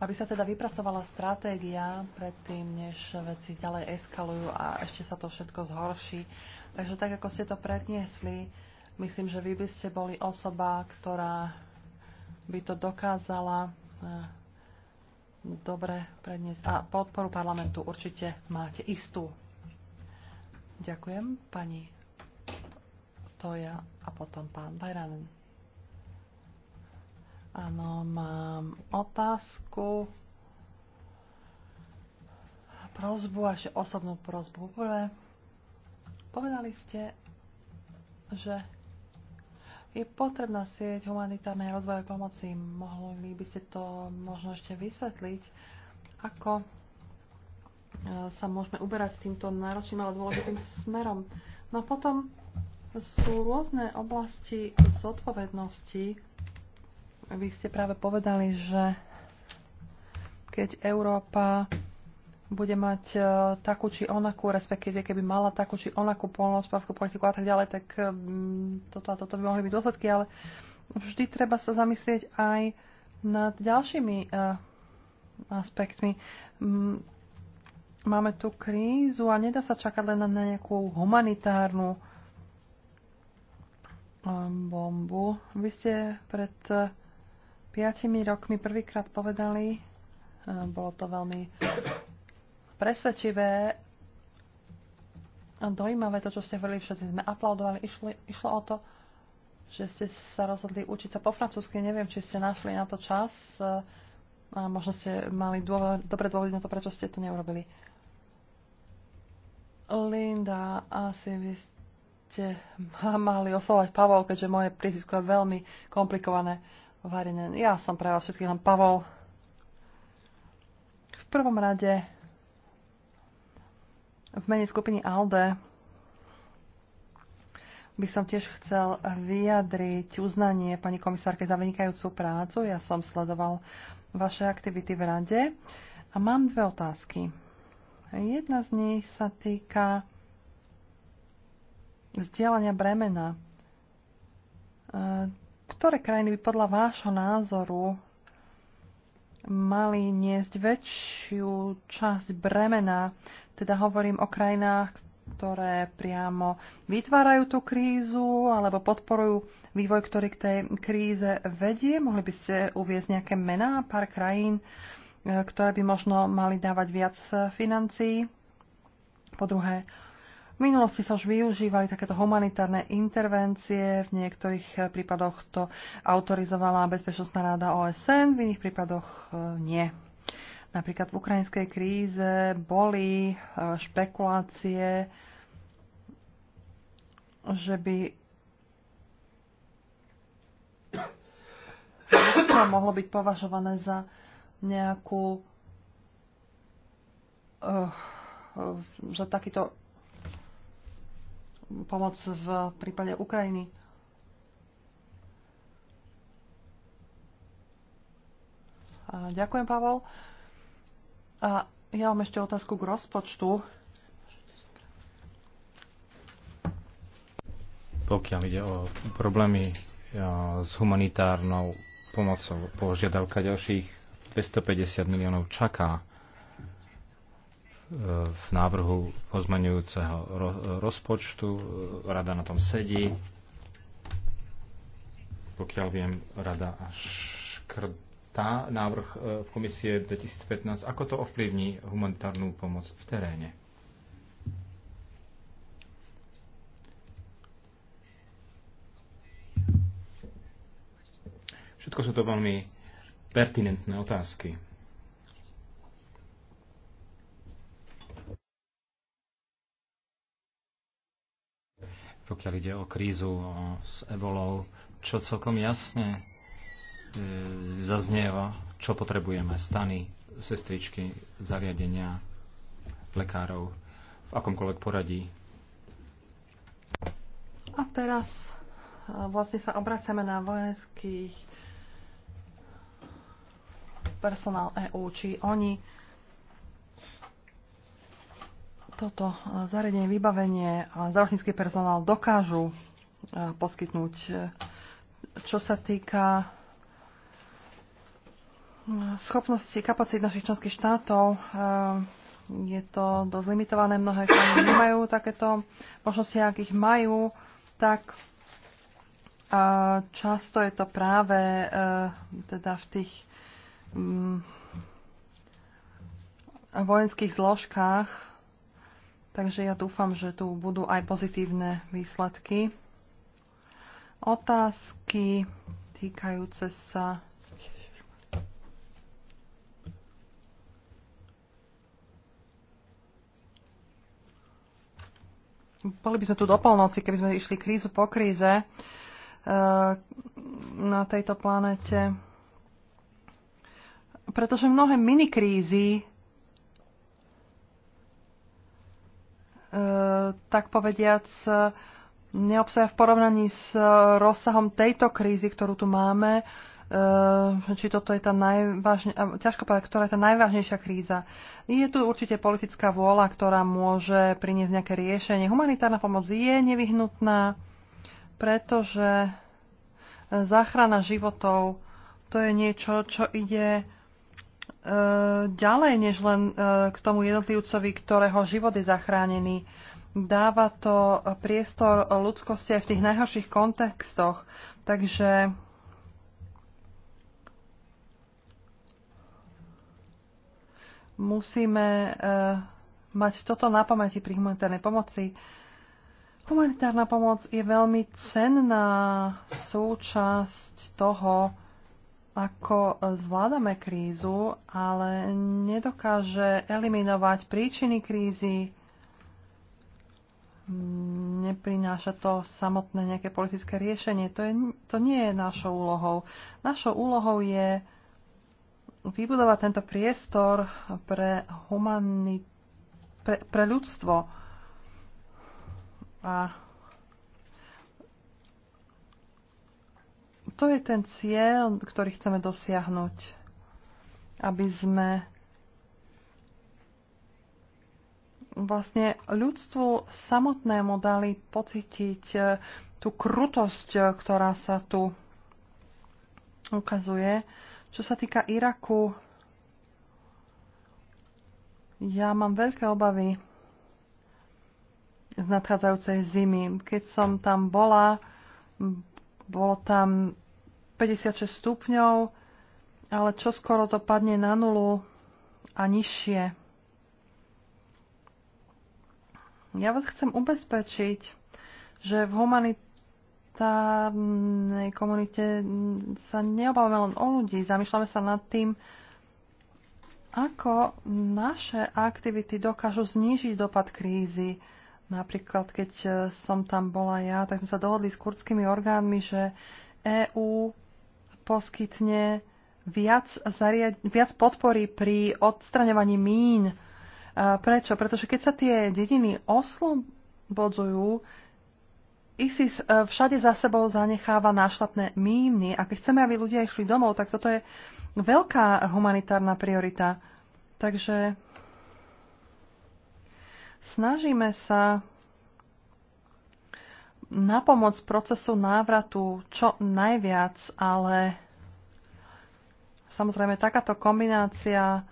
aby sa teda vypracovala stratégia predtým, než veci ďalej eskalujú a ešte sa to všetko zhorší. Takže tak, ako ste to predniesli, myslím, že vy by ste boli osoba, ktorá by to dokázala eh, dobre predniesť. A podporu parlamentu určite máte istú. Ďakujem, pani Toja a potom pán Bajranen. Áno, mám otázku, prozbu, až osobnú prozbu. Prvé, povedali ste, že je potrebná sieť humanitárnej rozvoje pomoci. Mohli by ste to možno ešte vysvetliť, ako e, sa môžeme uberať s týmto náročným, ale dôležitým smerom. No a potom sú rôzne oblasti zodpovednosti. Vy ste práve povedali, že keď Európa bude mať e, takú či onakú, respektíve keby mala takú či onakú polnohospodárskú politiku a tak ďalej, tak e, toto a toto by mohli byť dôsledky, ale vždy treba sa zamyslieť aj nad ďalšími e, aspektmi. Máme tu krízu a nedá sa čakať len na nejakú humanitárnu bombu. Vy ste pred eh, piatimi rokmi prvýkrát povedali, eh, bolo to veľmi presvedčivé a dojímavé to, čo ste hovorili, všetci sme aplaudovali. Išlo, išlo o to, že ste sa rozhodli učiť sa po francúzsky. Neviem, či ste našli na to čas eh, a možno ste mali dôvod, dobre dôvody na to, prečo ste to neurobili. Linda, asi vy ste ste mali oslovať Pavol, keďže moje prízisko je veľmi komplikované. Varinen, ja som pre vás všetkých len Pavol. V prvom rade v mene skupiny ALDE by som tiež chcel vyjadriť uznanie pani komisárke za vynikajúcu prácu. Ja som sledoval vaše aktivity v rade a mám dve otázky. Jedna z nich sa týka vzdielania bremena. E, ktoré krajiny by podľa vášho názoru mali niesť väčšiu časť bremena? Teda hovorím o krajinách, ktoré priamo vytvárajú tú krízu alebo podporujú vývoj, ktorý k tej kríze vedie. Mohli by ste uviezť nejaké mená, pár krajín, e, ktoré by možno mali dávať viac financií? Po druhé, v minulosti sa už využívali takéto humanitárne intervencie, v niektorých eh, prípadoch to autorizovala Bezpečnostná rada OSN, v iných prípadoch eh, nie. Napríklad v ukrajinskej kríze boli eh, špekulácie, že by to mohlo byť považované za nejakú uh, za takýto pomoc v prípade Ukrajiny. ďakujem, Pavel. A ja mám ešte otázku k rozpočtu. Pokiaľ ide o problémy e, s humanitárnou pomocou, požiadavka ďalších 250 miliónov čaká v návrhu pozmeňujúceho rozpočtu. Rada na tom sedí. Pokiaľ viem, rada škrtá návrh e, v komisie 2015. Ako to ovplyvní humanitárnu pomoc v teréne? Všetko sú to veľmi pertinentné otázky. pokiaľ ide o krízu o, s ebolou, čo celkom jasne e, zaznieva, čo potrebujeme. Stany, sestričky, zariadenia, lekárov, v akomkoľvek poradí. A teraz e, vlastne sa obraceme na vojenských personál EU či oni toto e, zariadenie, vybavenie a zdravotnícky personál dokážu e, poskytnúť. E, čo sa týka schopnosti kapacít našich členských štátov, je to dosť limitované. Mnohé krajiny nemajú takéto možnosti, ak ich majú, tak často je to práve teda v tých mm, vojenských zložkách Takže ja dúfam, že tu budú aj pozitívne výsledky. Otázky týkajúce sa boli by sme tu do polnoci, keby sme išli krízu po kríze e, na tejto planete. Pretože mnohé minikrízy Eh, tak povediac, neobsahuje v porovnaní s eh, rozsahom tejto krízy, ktorú tu máme, eh, či toto je tá najvážnejšia, ťažko povedať, ktorá je tá najvážnejšia kríza. Je tu určite politická vôľa, ktorá môže priniesť nejaké riešenie. Humanitárna pomoc je nevyhnutná, pretože záchrana životov to je niečo, čo ide E, ďalej, než len e, k tomu jednotlivcovi, ktorého život je zachránený. Dáva to priestor ľudskosti aj v tých najhorších kontextoch. Takže musíme e, mať toto na pamäti pri humanitárnej pomoci. Humanitárna pomoc je veľmi cenná súčasť toho, ako e, zvládame krízu, ale nedokáže eliminovať príčiny krízy. Neprináša to samotné nejaké politické riešenie. To, je, to nie je našou úlohou. Našou úlohou je vybudovať tento priestor pre, humani, pre, pre ľudstvo. A to je ten cieľ, ktorý chceme dosiahnuť, aby sme vlastne ľudstvu samotnému dali pocítiť eh, tú krutosť, eh, ktorá sa tu ukazuje. Čo sa týka Iraku, ja mám veľké obavy z nadchádzajúcej zimy. Keď som tam bola, bolo tam 56 stupňov, ale čo skoro to padne na nulu a nižšie. Ja vás chcem ubezpečiť, že v humanitárnej komunite sa neobávame len o ľudí, zamýšľame sa nad tým, ako naše aktivity dokážu znížiť dopad krízy. Napríklad, keď som tam bola ja, tak sme sa dohodli s kurdskými orgánmi, že EÚ poskytne viac, zariad- viac podpory pri odstraňovaní mín. Prečo? Pretože keď sa tie dediny oslobodzujú, ISIS e, všade za sebou zanecháva nášlapné míny a keď chceme, aby ľudia išli domov, tak toto je veľká humanitárna priorita. Takže snažíme sa na pomoc procesu návratu čo najviac, ale samozrejme takáto kombinácia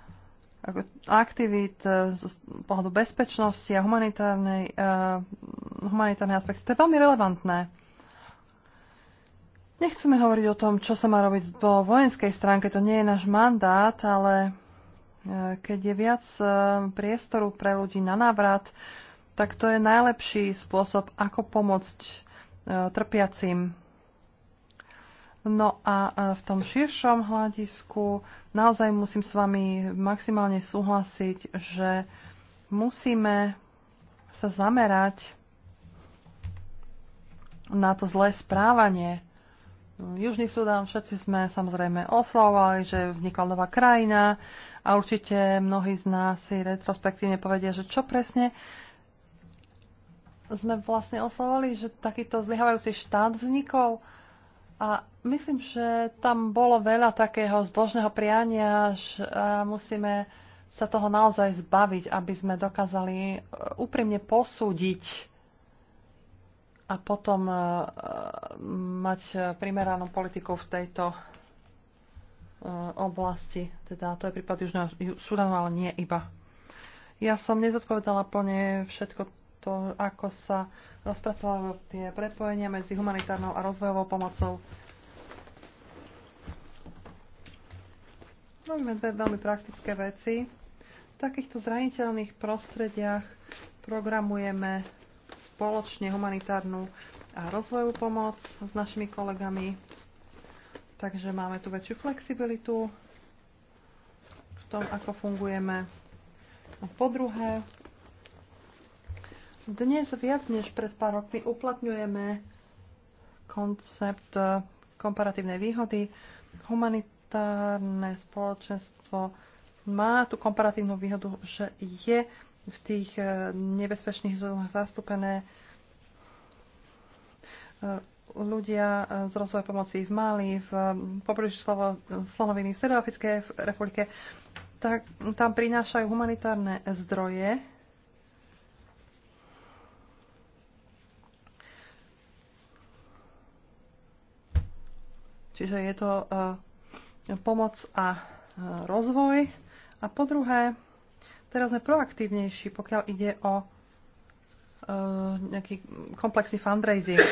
aktivít e, z pohľadu bezpečnosti a humanitárnej, uh, humanitárnej aspekty, to je veľmi relevantné. Nechceme hovoriť o tom, čo sa má robiť po vojenskej stránke, to nie je náš mandát, ale e, keď je viac priestoru pre ľudí na návrat, tak to je najlepší spôsob, ako pomôcť e, trpiacim. No a e, v tom širšom hľadisku naozaj musím s vami maximálne súhlasiť, že musíme sa zamerať na to zlé správanie. Južný Sudán všetci sme samozrejme oslavovali, že vznikla nová krajina a určite mnohí z nás si retrospektívne povedia, že čo presne sme vlastne oslovali, že takýto zlyhavajúci štát vznikol. A myslím, že tam bolo veľa takého zbožného priania, že musíme sa toho naozaj zbaviť, aby sme dokázali e, úprimne posúdiť a potom e, e, mať primeranú politiku v tejto oblasti. Teda to je prípad Južného Sudanu, ale nie iba. Ja som nezodpovedala plne všetko to, ako sa rozpracovalo tie prepojenia medzi humanitárnou a rozvojovou pomocou. Robíme dve veľmi praktické veci. V takýchto zraniteľných prostrediach programujeme spoločne humanitárnu a rozvojovú pomoc s našimi kolegami. Takže máme tu väčšiu flexibilitu v tom, ako fungujeme. A po druhé, dnes viac než pred pár rokmi uplatňujeme koncept eh, komparatívnej výhody. Humanitárne spoločenstvo má tú komparatívnu výhodu, že je v tých eh, nebezpečných zónach zastúpené eh, ľudia z rozvoja pomoci v Mali, v pobreží Slonoviny, v Stredoafrickej republike, tak tam prinášajú humanitárne zdroje Čiže je to e, pomoc a e, rozvoj. A po druhé, teraz sme proaktívnejší, pokiaľ ide o e, nejaký komplexný fundraising.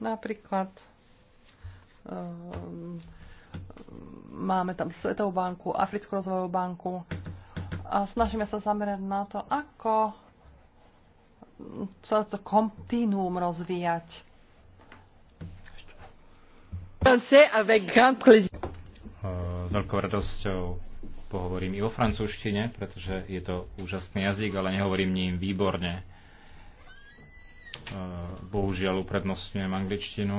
Napríklad máme tam Svetovú banku, Africkú rozvojovú banku a snažíme sa zamerať na to, ako celé to kontinuum rozvíjať. Eh, s veľkou radosťou pohovorím i vo francúzštine, pretože je to úžasný jazyk, ale nehovorím ním výborne. Eh, bohužiaľ uprednostňujem angličtinu.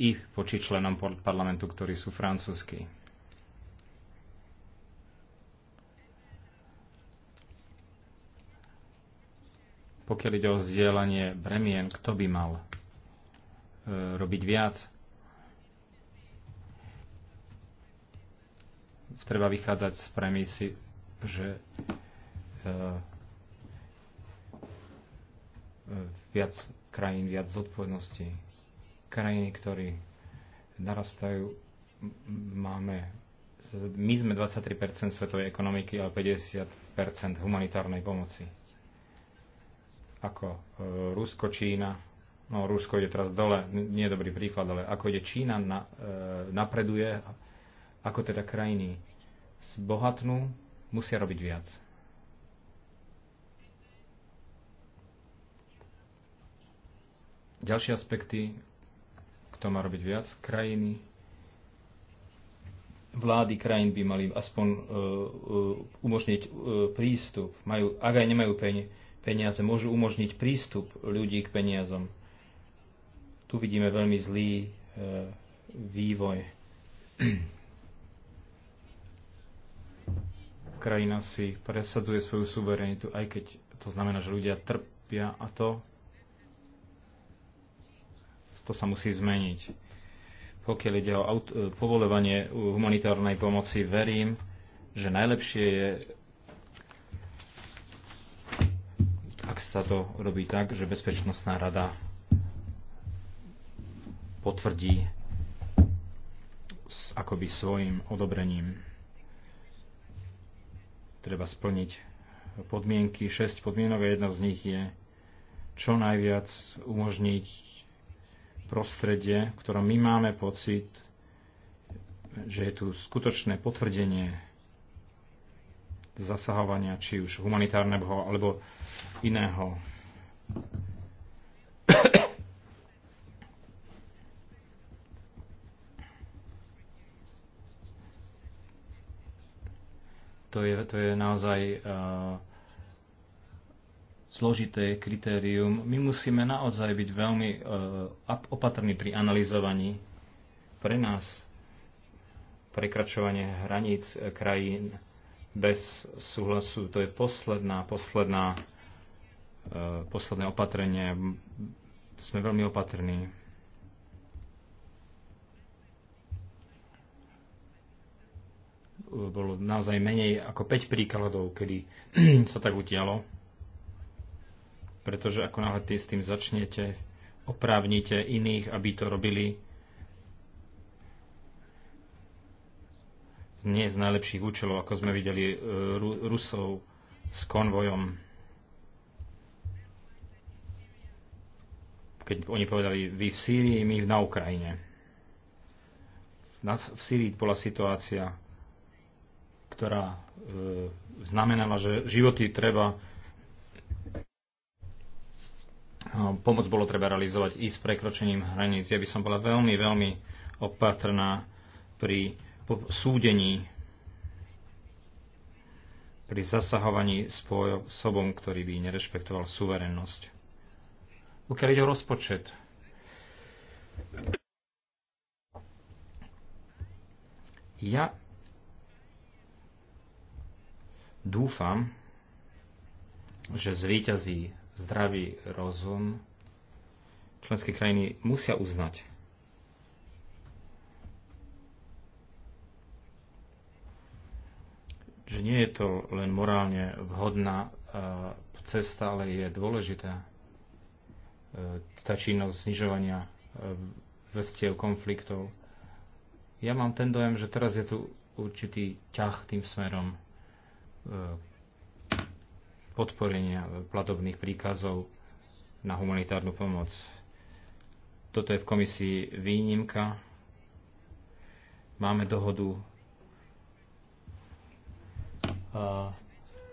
I voči členom parlamentu, ktorí sú francúzskí. Pokiaľ ide o zdieľanie bremien, kto by mal e, robiť viac? Treba vychádzať z premisy, že e, e viac krajín, viac zodpovedností. Krajiny, ktorí narastajú, máme my sme 23% svetovej ekonomiky, ale 50% humanitárnej pomoci ako e, Rusko, Čína, no Rusko ide teraz dole, nie je dobrý príklad, ale ako ide Čína na, e, napreduje, ako teda krajiny zbohatnú, musia robiť viac. Ďalšie aspekty, kto má robiť viac, krajiny, vlády krajín by mali aspoň uh, uh, umožniť uh, prístup, majú, ak aj nemajú peniaze, peniaze, môžu umožniť prístup ľudí k peniazom. Tu vidíme veľmi zlý e, vývoj. Krajina si presadzuje svoju suverenitu, aj keď to znamená, že ľudia trpia a to, to sa musí zmeniť. Pokiaľ ide o e, povolovanie humanitárnej pomoci, verím, že najlepšie je sa to robí tak, že Bezpečnostná rada potvrdí s akoby svojim odobrením. Treba splniť podmienky, 6 podmienok a jedna z nich je čo najviac umožniť prostredie, v ktorom my máme pocit, že je tu skutočné potvrdenie zasahovania či už humanitárneho alebo iného. To je, to je naozaj uh, zložité kritérium. My musíme naozaj byť veľmi uh, opatrní pri analyzovaní. Pre nás prekračovanie hraníc eh, krajín bez súhlasu, to je posledná, posledná Eh, posledné opatrenie. Sme veľmi opatrní. Eh, bolo naozaj menej ako 5 príkladov, kedy sa tak udialo. Pretože ako náhle s tým začnete, oprávnite iných, aby to robili nie z najlepších účelov, ako sme videli eh, Rusov s konvojom keď oni povedali, vy v Sýrii, my na Ukrajine. V Sýrii bola situácia, ktorá e, znamenala, že životy treba no, pomoc bolo treba realizovať i s prekročením hraníc. Ja by som bola veľmi, veľmi opatrná pri súdení, pri zasahovaní spôsobom, ktorý by nerešpektoval suverennosť pokiaľ ide o rozpočet. Ja dúfam, že zvíťazí zdravý rozum. Členské krajiny musia uznať, že nie je to len morálne vhodná eh, cesta, ale je dôležitá E, tá činnosť znižovania e, vrstiev konfliktov. Ja mám ten dojem, že teraz je tu určitý ťah tým smerom e, podporenia platobných príkazov na humanitárnu pomoc. Toto je v komisii výnimka. Máme dohodu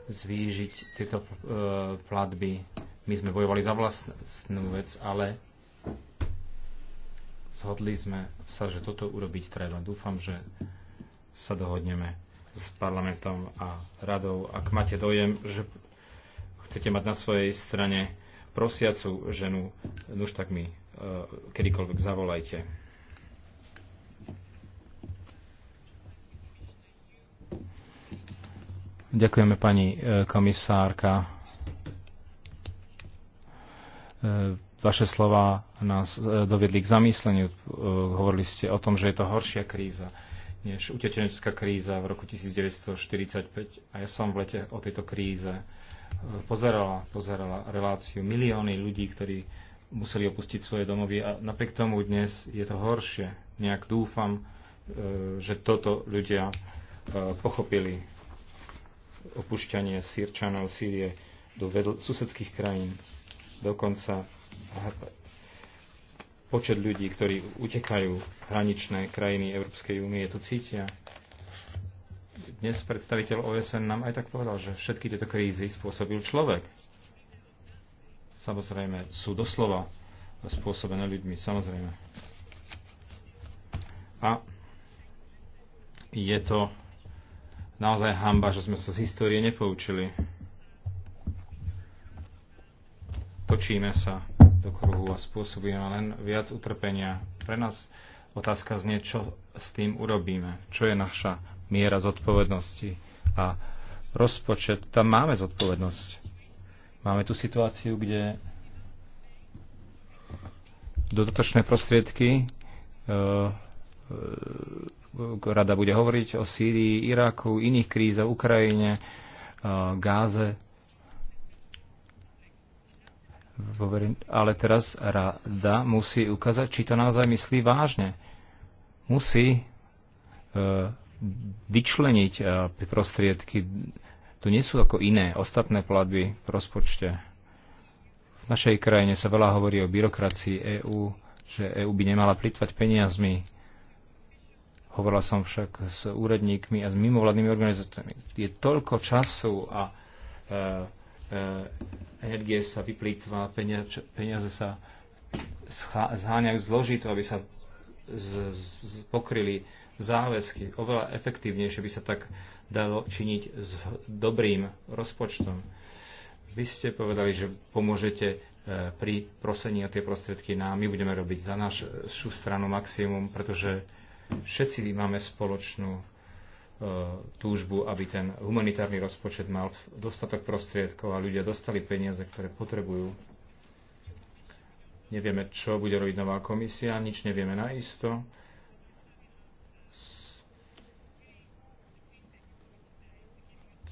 zvýžiť tieto platby my sme bojovali za vlastnú vec, ale zhodli sme sa, že toto urobiť treba. Dúfam, že sa dohodneme s parlamentom a radou. Ak máte dojem, že chcete mať na svojej strane prosiacu ženu, nuž no tak mi e, kedykoľvek zavolajte. Ďakujeme pani e, komisárka. E, vaše slova nás e, dovedli k zamysleniu. E, hovorili ste o tom, že je to horšia kríza než utečenecká kríza v roku 1945. A ja som v lete o tejto kríze pozerala, pozerala reláciu milióny ľudí, ktorí museli opustiť svoje domovy a napriek tomu dnes je to horšie. Nejak dúfam, že toto ľudia pochopili opušťanie Sýrčanov Sýrie do susedských krajín dokonca počet ľudí, ktorí utekajú hraničné krajiny Európskej únie, to cítia. Dnes predstaviteľ OSN nám aj tak povedal, že všetky tieto krízy spôsobil človek. Samozrejme, sú doslova spôsobené ľuďmi, samozrejme. A je to naozaj hamba, že sme sa z histórie nepoučili. točíme sa do kruhu a spôsobujeme len viac utrpenia. Pre nás otázka znie, čo s tým urobíme, čo je naša miera zodpovednosti a rozpočet. Tam máme zodpovednosť. Máme tu situáciu, kde dodatočné prostriedky e, e, rada bude hovoriť o Sýrii, Iraku, iných krízach, Ukrajine, e, Gáze ale teraz rada musí ukázať, či to naozaj myslí vážne. Musí e, vyčleniť e, prostriedky. To nie sú ako iné ostatné platby v rozpočte. V našej krajine sa veľa hovorí o byrokracii EÚ, že EÚ by nemala pritvať peniazmi. Hovorila som však s úradníkmi a s mimovládnymi organizáciami. Je toľko času a e, Eh, energie sa vyplýtva, peniaze sa zháňajú zložito, aby sa z, z, pokryli záväzky. Oveľa efektívnejšie by sa tak dalo činiť s dobrým rozpočtom. Vy ste povedali, že pomôžete eh, pri prosení o tie prostriedky nám. No my budeme robiť za našu stranu maximum, pretože všetci máme spoločnú E, túžbu, aby ten humanitárny rozpočet mal dostatok prostriedkov a ľudia dostali peniaze, ktoré potrebujú. Nevieme, čo bude robiť nová komisia, nič nevieme naisto.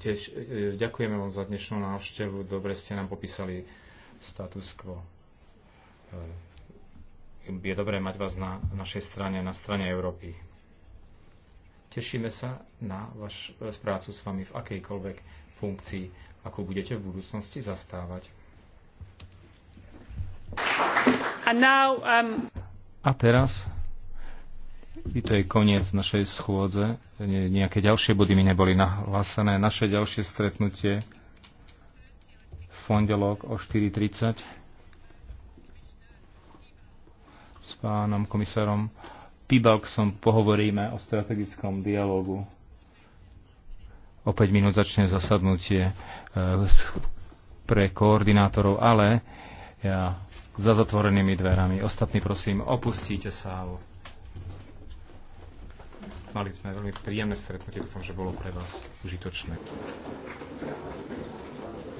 Tiež e, ďakujeme vám za dnešnú návštevu. Dobre ste nám popísali status quo. E, je dobré mať vás na našej strane, na strane Európy. Tešíme sa na vaš, e, prácu s vami v akejkoľvek funkcii, ako budete v budúcnosti zastávať. And now, um... A teraz i to je koniec našej schôdze. Ne, nejaké ďalšie body mi neboli nahlásené. Naše ďalšie stretnutie v pondelok o 4.30 s pánom komisárom Pibalksom pohovoríme o strategickom dialogu. O 5 minút začne zasadnutie e, pre koordinátorov, ale ja za zatvorenými dverami. Ostatní prosím, opustíte sálu. Mali sme veľmi príjemné stretnutie, dúfam, že bolo pre vás užitočné.